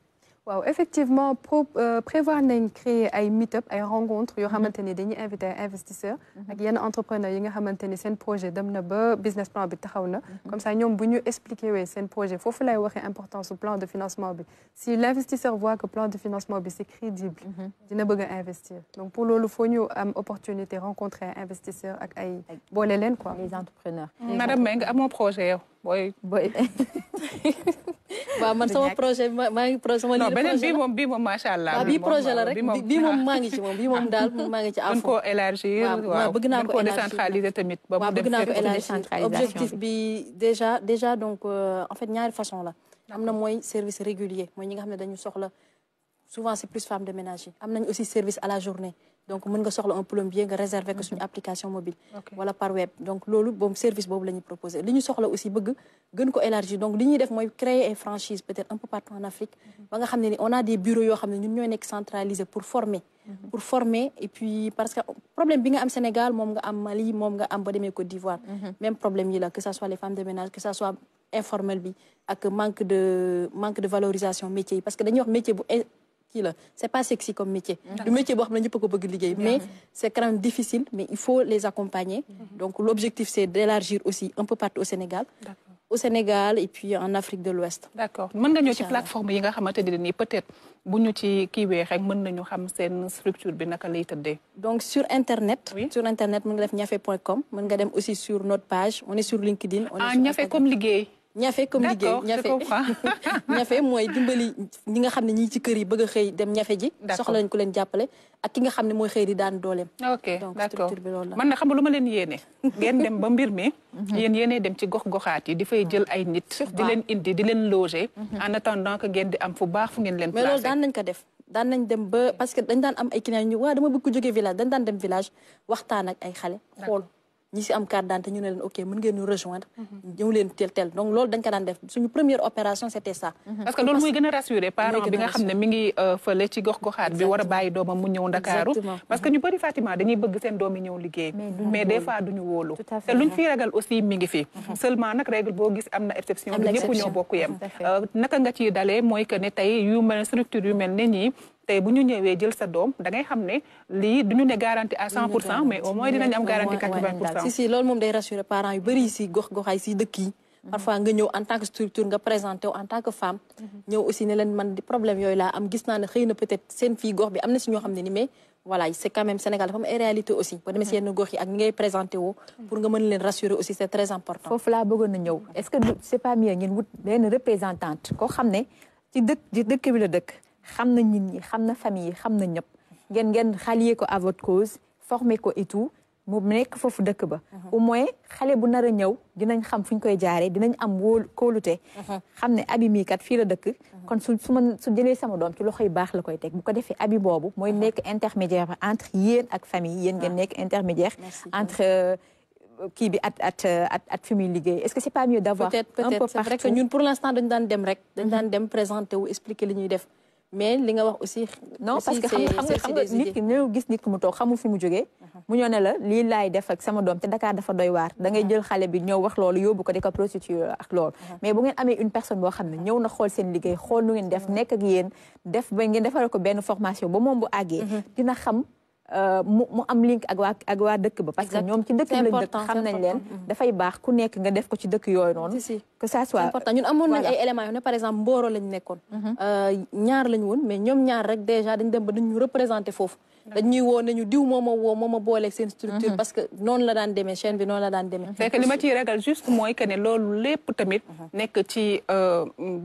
effectivement pour euh, prévoir nañ créer un meet-up une rencontre il y ni dañuy invité un investisseurs mhm. ak entrepreneur yi nga un seen projet dem na business plan bi taxaw mhm. comme ça ils ont expliquer expliqué projet. seen projet faire lay waxee importance au plan de financement si l'investisseur voit que le plan de financement est crédible, crédible mhm. ne bëgg pas investir donc pour il foo ñu am opportunité rencontrer un investisseur et ay quoi les entrepreneurs madame Meng, à mon projet oui. oui. man sama projet ngi projet non projet élargir. décentraliser tamit. ba objectif bi déjà déjà donc euh, en fait façon la. service régulier souvent c'est plus femmes de ménage aussi service à la journée donc mën nga soxla un plombier nga réserver ko une application mobile wala par web donc c'est boobu service que la ñuy proposé Nous ñu aussi bëgg gën ko élargir donc nous ñuy def créer une franchise peut-être un peu partout en Afrique mhm. on a des bureaux yoo xam ne pour former mhm. pour former et puis parce que problème bi nga am Sénégal moom nga Mali moom nga am Côte d'Ivoire mhm. même problème yi que ça soit les femmes de ménage que ça soit informel bi ak manque de manque de valorisation métier parce que dañuy wax métier bu ce n'est c'est pas sexy comme métier mm-hmm. Le métier bon, ne ko bëgg mm-hmm. mais c'est quand même difficile mais il faut les accompagner mm-hmm. donc l'objectif c'est d'élargir aussi un peu partout au Sénégal au Sénégal et puis en Afrique de l'Ouest d'accord Mon nga une plateforme yi nga xamante peut-être bu ñu ci kiiwee rek mën nañu xam structure bi naka donc sur internet sur internet mon nga def ñafe point com nga aussi sur notre page on est sur LinkedIn on est ah, fait comme ñafe comme liggéey ñafe ñafe mooy dimbali ñi nga xam ne ñii ci kër yi bëgg a xëy dem ñafe ji soxla nañ ku leen jàppale ak ki nga xam ne mooy xëy di daan dooleem ok d'accord man na xam nga lu ma leen yéene ngeen dem ba mbir mi mhm. yéen yéene dem ci gox-goxaat yi di fay jël ay nit di leen indi di leen loger mhm. en attendant que ngeen di am fu baax fu ngeen leen mais loolu daan nañ ko def daan nañ dem ba parce que dañ daan am ay clients ñu waa dama bëgg ko jógee village dañ daan dem village waxtaan ak ay xale xool ñi si am carte d'identité ñu ne leen ok mën ngeen ñu rejoindre mhm. ñëw leen tel tel donc loolu dañ ko daan def suñu première opération c'était ça mhm. parce que loolu muy gën a rassuré parent bi nga xam ne mi ngi euh, fële ci gox goxaat bi war a bàyyi doomam mu ñëw ndakaaru parce que ñu bëri Fatima dañuy bëgg seen doom ñëw liggéey mais des fois duñu wóolu te luñ fiy ragal aussi mi ngi fi mhm. seulement nag règle boo gis am na exception bi ñëpp ñoo bokk yem euh, naka nga ciy dalee tey buñu ñëwé jël sa dom da ngay xamné li lii du ñu ne garanti à 100 mais au moins dinañ am garantie 80 si si lool mom day rassurer parents yu bari si gox goxaay si dëkk yi parfois nga ñëw en tant que structure nga présenté wu en tant que femme ñëw aussi né leen man di problème yoy la am gis na ne xeyna peut-être seen fi gox bi am na si ñoo xam ni mais voilà c'est quand même Sénégal dafa am réalité aussi boo demee si yenn gox yi ak ñi ngay présenté woo pour nga mën leen rassurer aussi c'est très important fofu la bëgguna ñëw est-ce que c'est pas mieux ngeen wut ben représentante ko xamné ci dëkk ci dëkk bi la dëkk xamna ñi famille à cause ko et tout ba mhm. au moins bu dinañ xam koy mhm. mhm. intermédiaire entre ak famille ah. intermédiaire entre euh, bi at est-ce que c'est pas mieux d'avoir peut-être peut-être que pour l'instant dañ dem rek dem présenter ou expliquer mais li nga wax aussi. non parce que xam nga xam nga nit ki gis nit ki mu toog xamul fi mu jógee. Uh-huh. mu ñëw ne la lii laay def ak sama doom te Dakar dafa doy waar. da ngay uh-huh. jël xale bi ñëw wax loolu yóbbu ko di ko prostituer ak loolu. Uh-huh. mais bu ngeen amee une personne boo xam ne ñëw na xool seen liggéey xool nu ngeen def nekk ak yéen def ba ngeen defaral ko benn formation ba moom bu àggee dina xam. Euh, mu mu am link k waa ak waa dëkk ba parce que ñoom ci dëkk bi lañ dëkk xam nañ leen dafay baax ku nekk nga def ko ci dëkk yooyu noonu que ça soit important ñun amoon nañ ay éléments yoo ne exemple mbooro lañ nekkoon mm-hmm. euh, ñaar lañ woon mais ñoom ñaar rek déjà dañ dem ba dañu représenté foofu dañ ñuy woo nañu diw moom a woo moom a booleeg seen structure mhm. parce que noonu la daan demee chaîne bi noonu la daan demee fekk li ma ciy ragal juste mooy que ne loolu lépp tamit mhm. nekk ci euh,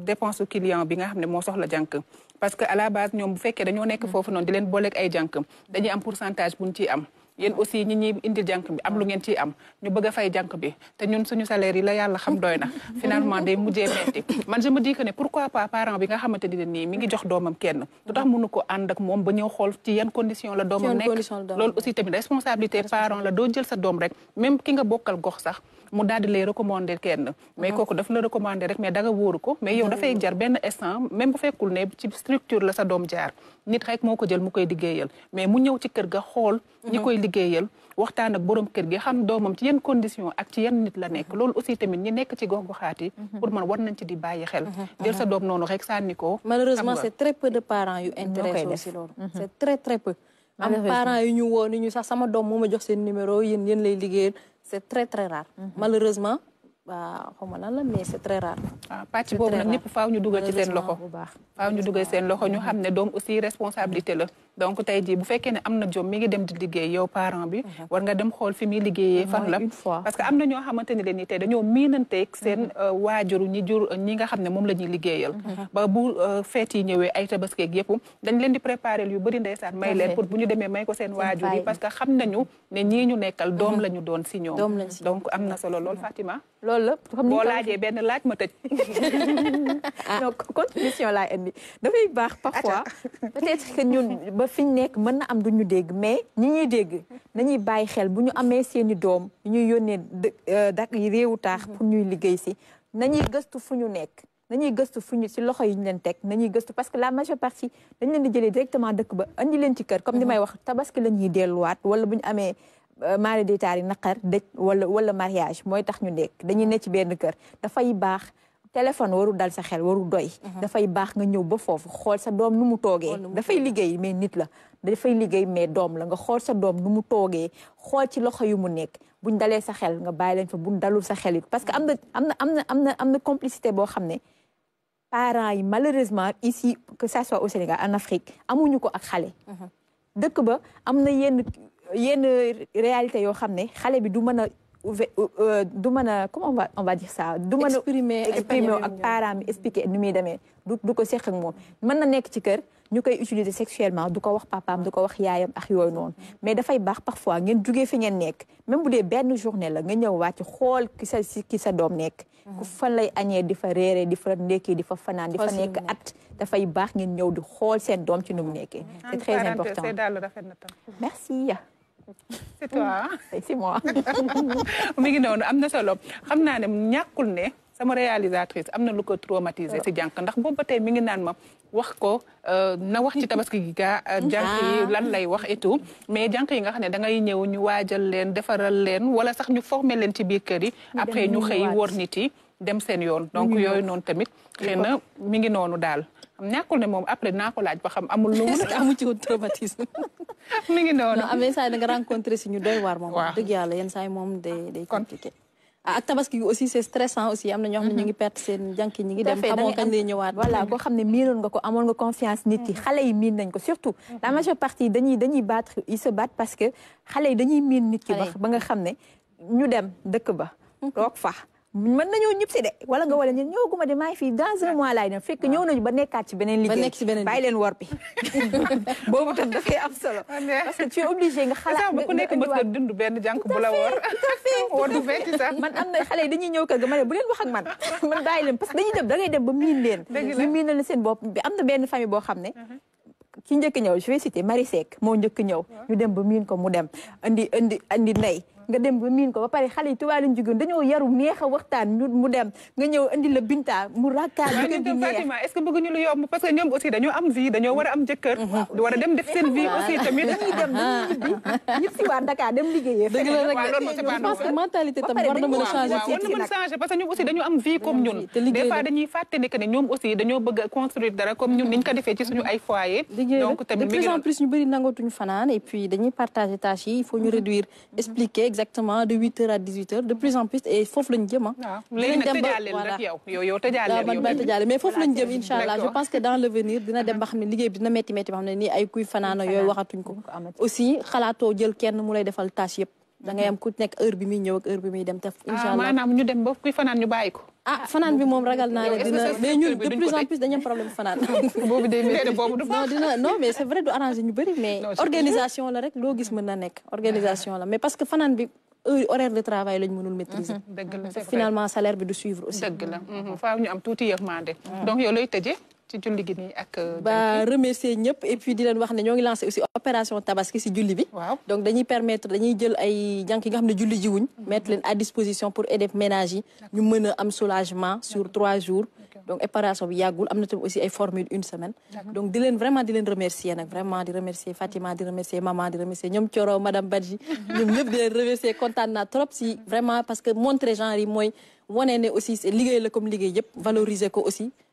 dépense client bi nga xam ne moo soxla jànk parce que à la base ñoom bu fekkee dañoo nekk mhm. foofu noonu di leen booleeg ay jànk dañuy am pourcentage buñ ciy am yéen aussi ñi ñuy indil jànk bi am lu ngeen ciy am ñu bëgg a fay jànk bi te ñun suñu salaire la yàlla xam doy na finalement day mujjee metti man je me dis que ne pourquoi pas parent bi nga xamante ni mi ngi jox doomam kenn lu tax munu ko ànd ak moom ba ñëw xool ci yan condition la doomam nekk loolu aussi tamit responsabilité parent la doo jël sa doom rek même ki nga bokkal gox sax mu daal di lay recommander kenn mais kooku daf la recommander rek mais dara wóoru ko mais yow dafay jar benn instant même bu fekkul ne ci structure la sa doom jaar nit rek moo jël mu ñëw ci kër ga xool ñi koy liggéeyal waxtaan ak kër gi xam doomam ci yenn condition ak ci yenn nit la nekk loolu aussi tamit ñi nekk ci gox goxaat yi pour man war nañ ci di bàyyi xel jël sa doom noonu rek sànni ko malheureusement c'est très peu de parents yu intéressé c'est très très rare. Mhm. malheureusement xaw ma lan la mais c'est très rare. waaw ah, pàcc boobu ñu dugal seen loxo faaw ñu dugal seen loxo ñu xam ne doom aussi responsabilité la. donc tey jii bu fekkee ne am na jom mi ngi dem di liggéey yow parent bi mhm. war nga dem xool fi muy liggéeyee fan la parce que am na ñoo xamante ne leen ni tey dañoo miinanteeg seen mhm. euh, waajur ñi jur ñi nga xam ne moom la ñuy liggéeyal mhm. ba bu euh, feet yi ñëwee ay tabaskeeg yëpp dañ leen di préparer yu bëri ndeysaan may leen pour bu ñu demee may ko seen waajur yi parce que xam nañu ne ñii ñu nekkal doom la ñu doon si ñoom donc am na solo lool Fatima loolu la comme boo laajee benn laaj ma tëj. donc contribution laa indi dafay baax parfois peut-être que ñun ba fi ñu nekk mën na am du ñu dégg mais ñi ñuy dégg nañuy bàyyi xel bu ñu amee seeni doom ñuy yónnee euh, dak réewu taax pour ñuy liggéey si nañuy gëstu fu ñu nekk nañuy gëstu fu ñu si loxo yi ñu leen teg nañuy gëstu parce que la majeure partie dañ leen di jëlee directement dëkk ba andi leen ci kër comme li mhm. may wax tabaski la ñuy delluwaat wala bu ñu amee mari di taar yi naqar dëj wala wala mariage mooy tax ñu nekk dañuy ne ci benn kër dafay baax téléphone waru dal sa xel waru doy dafay baax nga ñëw ba foofu xool sa doom nu mu toogee dafay liggéey mais nit la dafay liggéey mais doom la nga xool sa doom nu mu toogee xool ci loxo yu mu nekk buñ dalee sa xel nga bàyyi leen fa buñ dalul sa xel it parce que am na am na am na am na am na complicité boo xam ne parents yi malheureusement ici que ça soit au Sénégal en Afrique amuñu ko ak xale dëkk ba am na yenn yenn réalité yo xamné xalé bi du mëna a euh, du mëna comment on va on va dire ça. du mëna exprimer exprimer ak parent expliquer nu muy demee du du ko seq ak mom mëna nek ci kër ñu koy utiliser sexuellement du ko wax papam du ko wax yaayam ak yoy non mais da fay bax parfois ngeen jugee fi ngeen nek même bu dee benn journée la nga ñëw wàcc xol ki sa ki sa dom nek ku mm-hmm. fan lay agné di fa réré di fa nekki di fa fanan di fa nek at. da fay bax ngeen ñëw di xol seen dom ci num mu mm-hmm. c'est très important merci. c'est toi c'est moi. mi ngi noonu am na solo xam naa ne ñàkkul ne sama réalisatrice am na lu ko traumatisé si jànk ndax boobu ba te mi ngi naan ma wax ko euh, na wax ci tabaski gi gaa euh, jànk ah. lan lay wax et mais jànk yi nga xam ne da ñëw ñu waajal leen defaral leen wala sax ñu former leen ci biir kër yi après ñu xëy wor nit yi dem seen yoon donc yooyu noonu tamit xëy na mi ngi noonu daal ñàkkul ne moom après naa ko laaj ba xam amul lu mu amu ci woon traumatisme mi ngi noonu am yenn nga moom wax dëgg yàlla yenn ah, aussi c'est stressant aussi am na ñoo mhm. ñu ngi perte seen jànk ñi ngi dem xamoo kañ lay ñëwaat voilà koo xam ne miinoon nga ko amoon nga confiance nit yi mhm. xale yi miin nañ ko surtout mhm. la majeure partie dañuy dañuy battre ils se battent que xale yi dañuy miin nit ki ba ba nga xam ne ñu dem dëkk ba toog fa mën nañoo ñib si de wala nga wala ñen ñoo guma de maa ngi fii dans un mois laay dem fekk ñëw nañu ba nekkaat ci beneen liggéey bàyyi leen wor bi boobu tam dafay am solo ah, parce que tu es obligé nga xalaat ba ku nekk mës dund benn jànk bu la wor wor man am na xale yi dañuy ñëw kër ga ma ne bu leen wax ak man man bàyyi leen parce que dañuy dem da ngay dem ba miin leen ñu miinal seen bopp bi am na benn famille boo xam ne uh-huh. ki njëkk ñëw je vais citer Marie moo njëkk ñëw ñu dem ba miin ko mu dem andi andi andi ndey nga dem ba min ko ba pare xale tuba tubaab lañ jógoon dañoo yaru neex a waxtaan mu dem nga ñew andi la binta mu rakkaat jigéen bi neex Fatima est-ce que ñu lu yom parce que ñom aussi dañoo am vie dañoo wara am jëkkër war wara dem def seen vie aussi tamit dañuy dem ñi ci ñëpp si waa Dakar dem liggéeyee je pense que mentalité tam war na mën a changer war na changer parce que ñoom aussi dañoo am vie comme ñun des fois dañuy faté ne que ñom aussi dañoo bëgg construire dara comme ñun niñ ko defee ci suñu ay foyer donc tamit de plus en plus ñu bari nangootuñu fanane et puis dañuy partager tâches yi il faut ñu mm-hmm. réduire mm-hmm. expliquer exactement de 8 h à 18 h de plus en plus et fof lañu jëm ah. léegi nag tëjaaleel yow yow yow yow man man mais fof lañu jëm inshallah je pense que dans l'avenir dina dem ba xam ne bi dina metti metti ba xam ne ay kuy fanana yooyu waxatuñ ko. aussi xalaatoo jël kenn mu lay defal tâche yëpp. da ngay mhm. am ku nek heure bi mi ñëw ak heure bi mi dem taf ah, inshallah manam ñu dem ba kuy fanaan ñu bayiko ah fanaan bi moom ragal naa ne dina mais ñun de plus en plus dañu problème fanaan. boobu day métti boobu non dina non mais c'est vrai du arranger ñu bëri mais. organisation la rek loo gis mën na nekk organisation la mais parce que fanaan bi. horaire de travail lañ mënul maîtriser. Mm-hmm. dëgg finalement salaire bi du suivre aussi. dëgg mm-hmm. ñu am tuuti yërmande. Mm. donc yow looy ci julli gi euh, remercier ñep et puis di len wax ne lancé aussi opération tabaski si julli bi. donc dañuy permettre dañuy jël ay jank yi nga xam julli ji wuñ. Mhm. mettre leen à disposition pour aider ménage yi. ñu un am soulagement sur 3 jours. donc opération bi yagul amna tam aussi ay formule une semaine. donc di len vraiment di len remercier nak vraiment di remercier Fatima di remercier maman di remercier ñom Thioro madame Badji. Mhm. ñom ñep di leen remercier kontaan naa trop si vraiment parce que montrer genre moy woné né est aussi liggéey la comme liggéey yep valoriser ko aussi.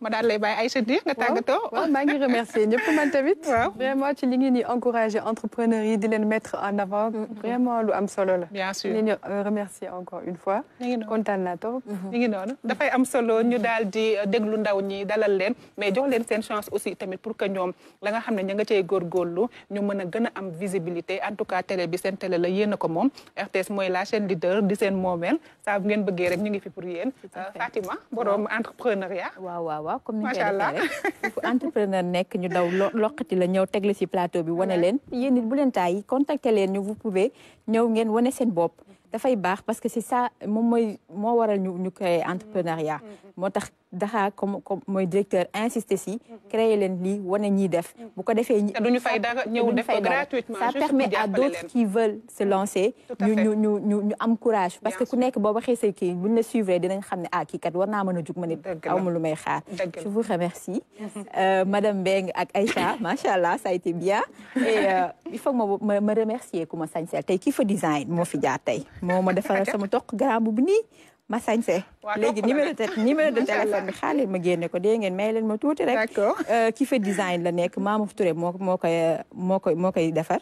ma daal lay bàyyi Aïcha di nga tàggatoo. waaw maa ngi remercier ñepp man tamit. vraiment ci li ngi ni encourager entrepreneurs yi di leen mettre en avant. Mm-hmm. vraiment lu am solo la. ñi ñu remercier encore une fois. kontaan naa trop. mi mm-hmm. ngi noonu mm-hmm. dafay am solo ñu dal di euh, déglu ndaw ñi dalal leen mais jox leen sen chance aussi tamit pour que ñom la nga xamne ne ña gor cay góorgóorlu ñu mën gëna am visibilité en tout cas télé bi sen télé la yéna ko mom RTS moy la chaîne leader di sen moomeel sa ngeen bëgge rek ñu ngi fi pour yeen euh, Fatima borom entrepreneuriat. waaw waaw. waaw comme ni ñu koy defee rek fu entrepreneur nekk ñu daw loqati la ñëw tegle si plateau bi wane leen yéen it bu leen taay contacter leen ñu vous pouvez ñëw ngeen wane seen bopp dafay baax parce que c'est ça moom mooy moo waral ñu ñu créer entrepreneuriat mm-hmm. moo tax daxaa comme comme mon directeur insisté si mhm. créer leen li wane ñi def mhm. bu ko defee duñu fay dara ñëw def ko gratuitement ça permet à d'autres qui veulent se mhm. lancer ñu ñu ñu ñu am courage parce que ku nekk boo waxee say kii buñ la suivre dinañ xamné ne ah kii kat war naa mën a jug ma lu may xaar je vous remercie euh, madame Beng ak Aïcha machallah ça a été bien et euh, il faut me me remercier ku ma sañseel tay kii fa design mo fi jaar tay moo ma defaral sama tok grand bu ni ma sañse léegi numéro de numéro de téléphone bi xaaral ma génne ko dégg ngeen may leen ma tuuti rek. d'accord euh, ki fa design la nekk Mamouf Touré moo moo koy moo koy moo koy defar.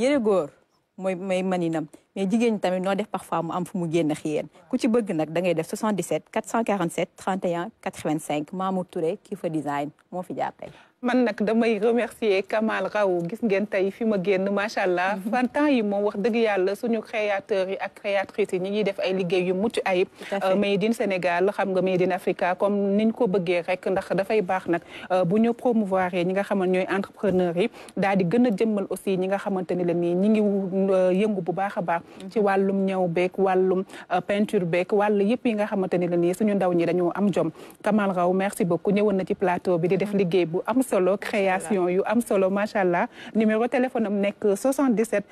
yëre góor mooy may maninam mais jigéen ñi tamit noo def parfois mu am fu mu génn xiyeen ku ci bëgg nag da ngay def 77 447 31 85 Mamour Touré kii fa design moo fi jàppale. man nag damay remercier Kamal Raw gis ngeen tey fi ma génn macha allah mhm. fan yi moom wax dëgg yàlla suñu créateurs yi ak créatrices yi ñi ngi def ay liggéey yu mucc ayib euh, Made in Sénégal xam nga Made in Africa comme niñ ko bëggee rek ndax dafay baax nag euh, bu ñu promouvoir ñi nga xamante ñooy entrepreneurs yi daal di gën a jëmmal aussi ñi nga xamante ne la nii ngi euh, yëngu bu baax a baax ci walum ñew bek walum euh, peinture bek wal yépp yi nga xamanteni la ni suñu ndaw ñi dañoo am jom Kamal Raw merci beaucoup ñëwoon na ci plateau bi di def mhm. liggéey bu am solo création yu am solo machallah numéro téléphone am nekk 77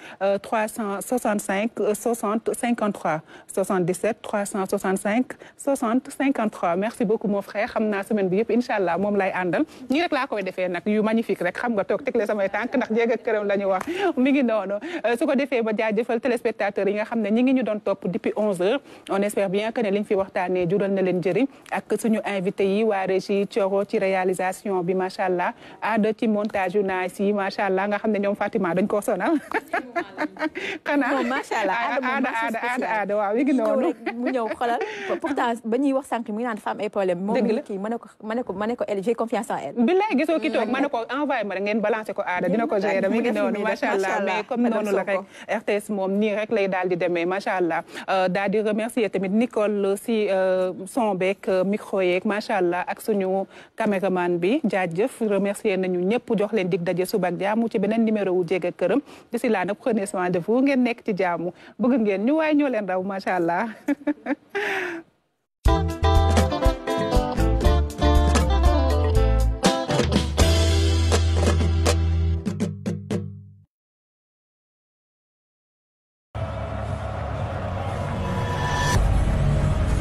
365 60 53 77 365 60 53 merci beaucoup mon frère xamna semaine bi yépp inshallah mom lay andal ñi rek la koy défé nak yu magnifique rek xam nga toog tegle samay tank ndax jéeg ak këram la wax mi ngi nono euh, su ko defee ba jaajëfal téléspectateur téléspectateurs yi nga xam ñi ngi ñu doon top depuis 11 h on espère bien que né liñ fi waxtaanee jural na leen njëriñ ak suñu invité yi wa régie Thioro ci réalisation bi machallah ade ci montage na ci machallah nga xam ñom Fatima dañ ko sonal xanaa macha machallah ade ade ade ade wa yi ngi mu ñew xolal pourtant bañuy wax sank mi nane naan ay problème moom ki kii ma ne ko ma ko ma ko elle j'ai confiance en elle bi lay gisoo ki tok ma ne mm. ko envoyé ma rek ngeen balancer ko ade dina ko gérer mi ngi machallah mais comme nonu la rek RTS mom ni rek rek lay daldi démé machallah euh daldi remercier tamit Nicole si euh, son beeg euh, micro yek machallah ak suñu cameraman bi jaajëf remercier nañu ñëpp jox leen dig dajé suba ak jaamu ci benen numéro wu jéeg kërëm këram la nak nag prenez soin de vous ngeen nekk ci jaamu bëgg ngeen ñu way ñoo leen raw macha allah.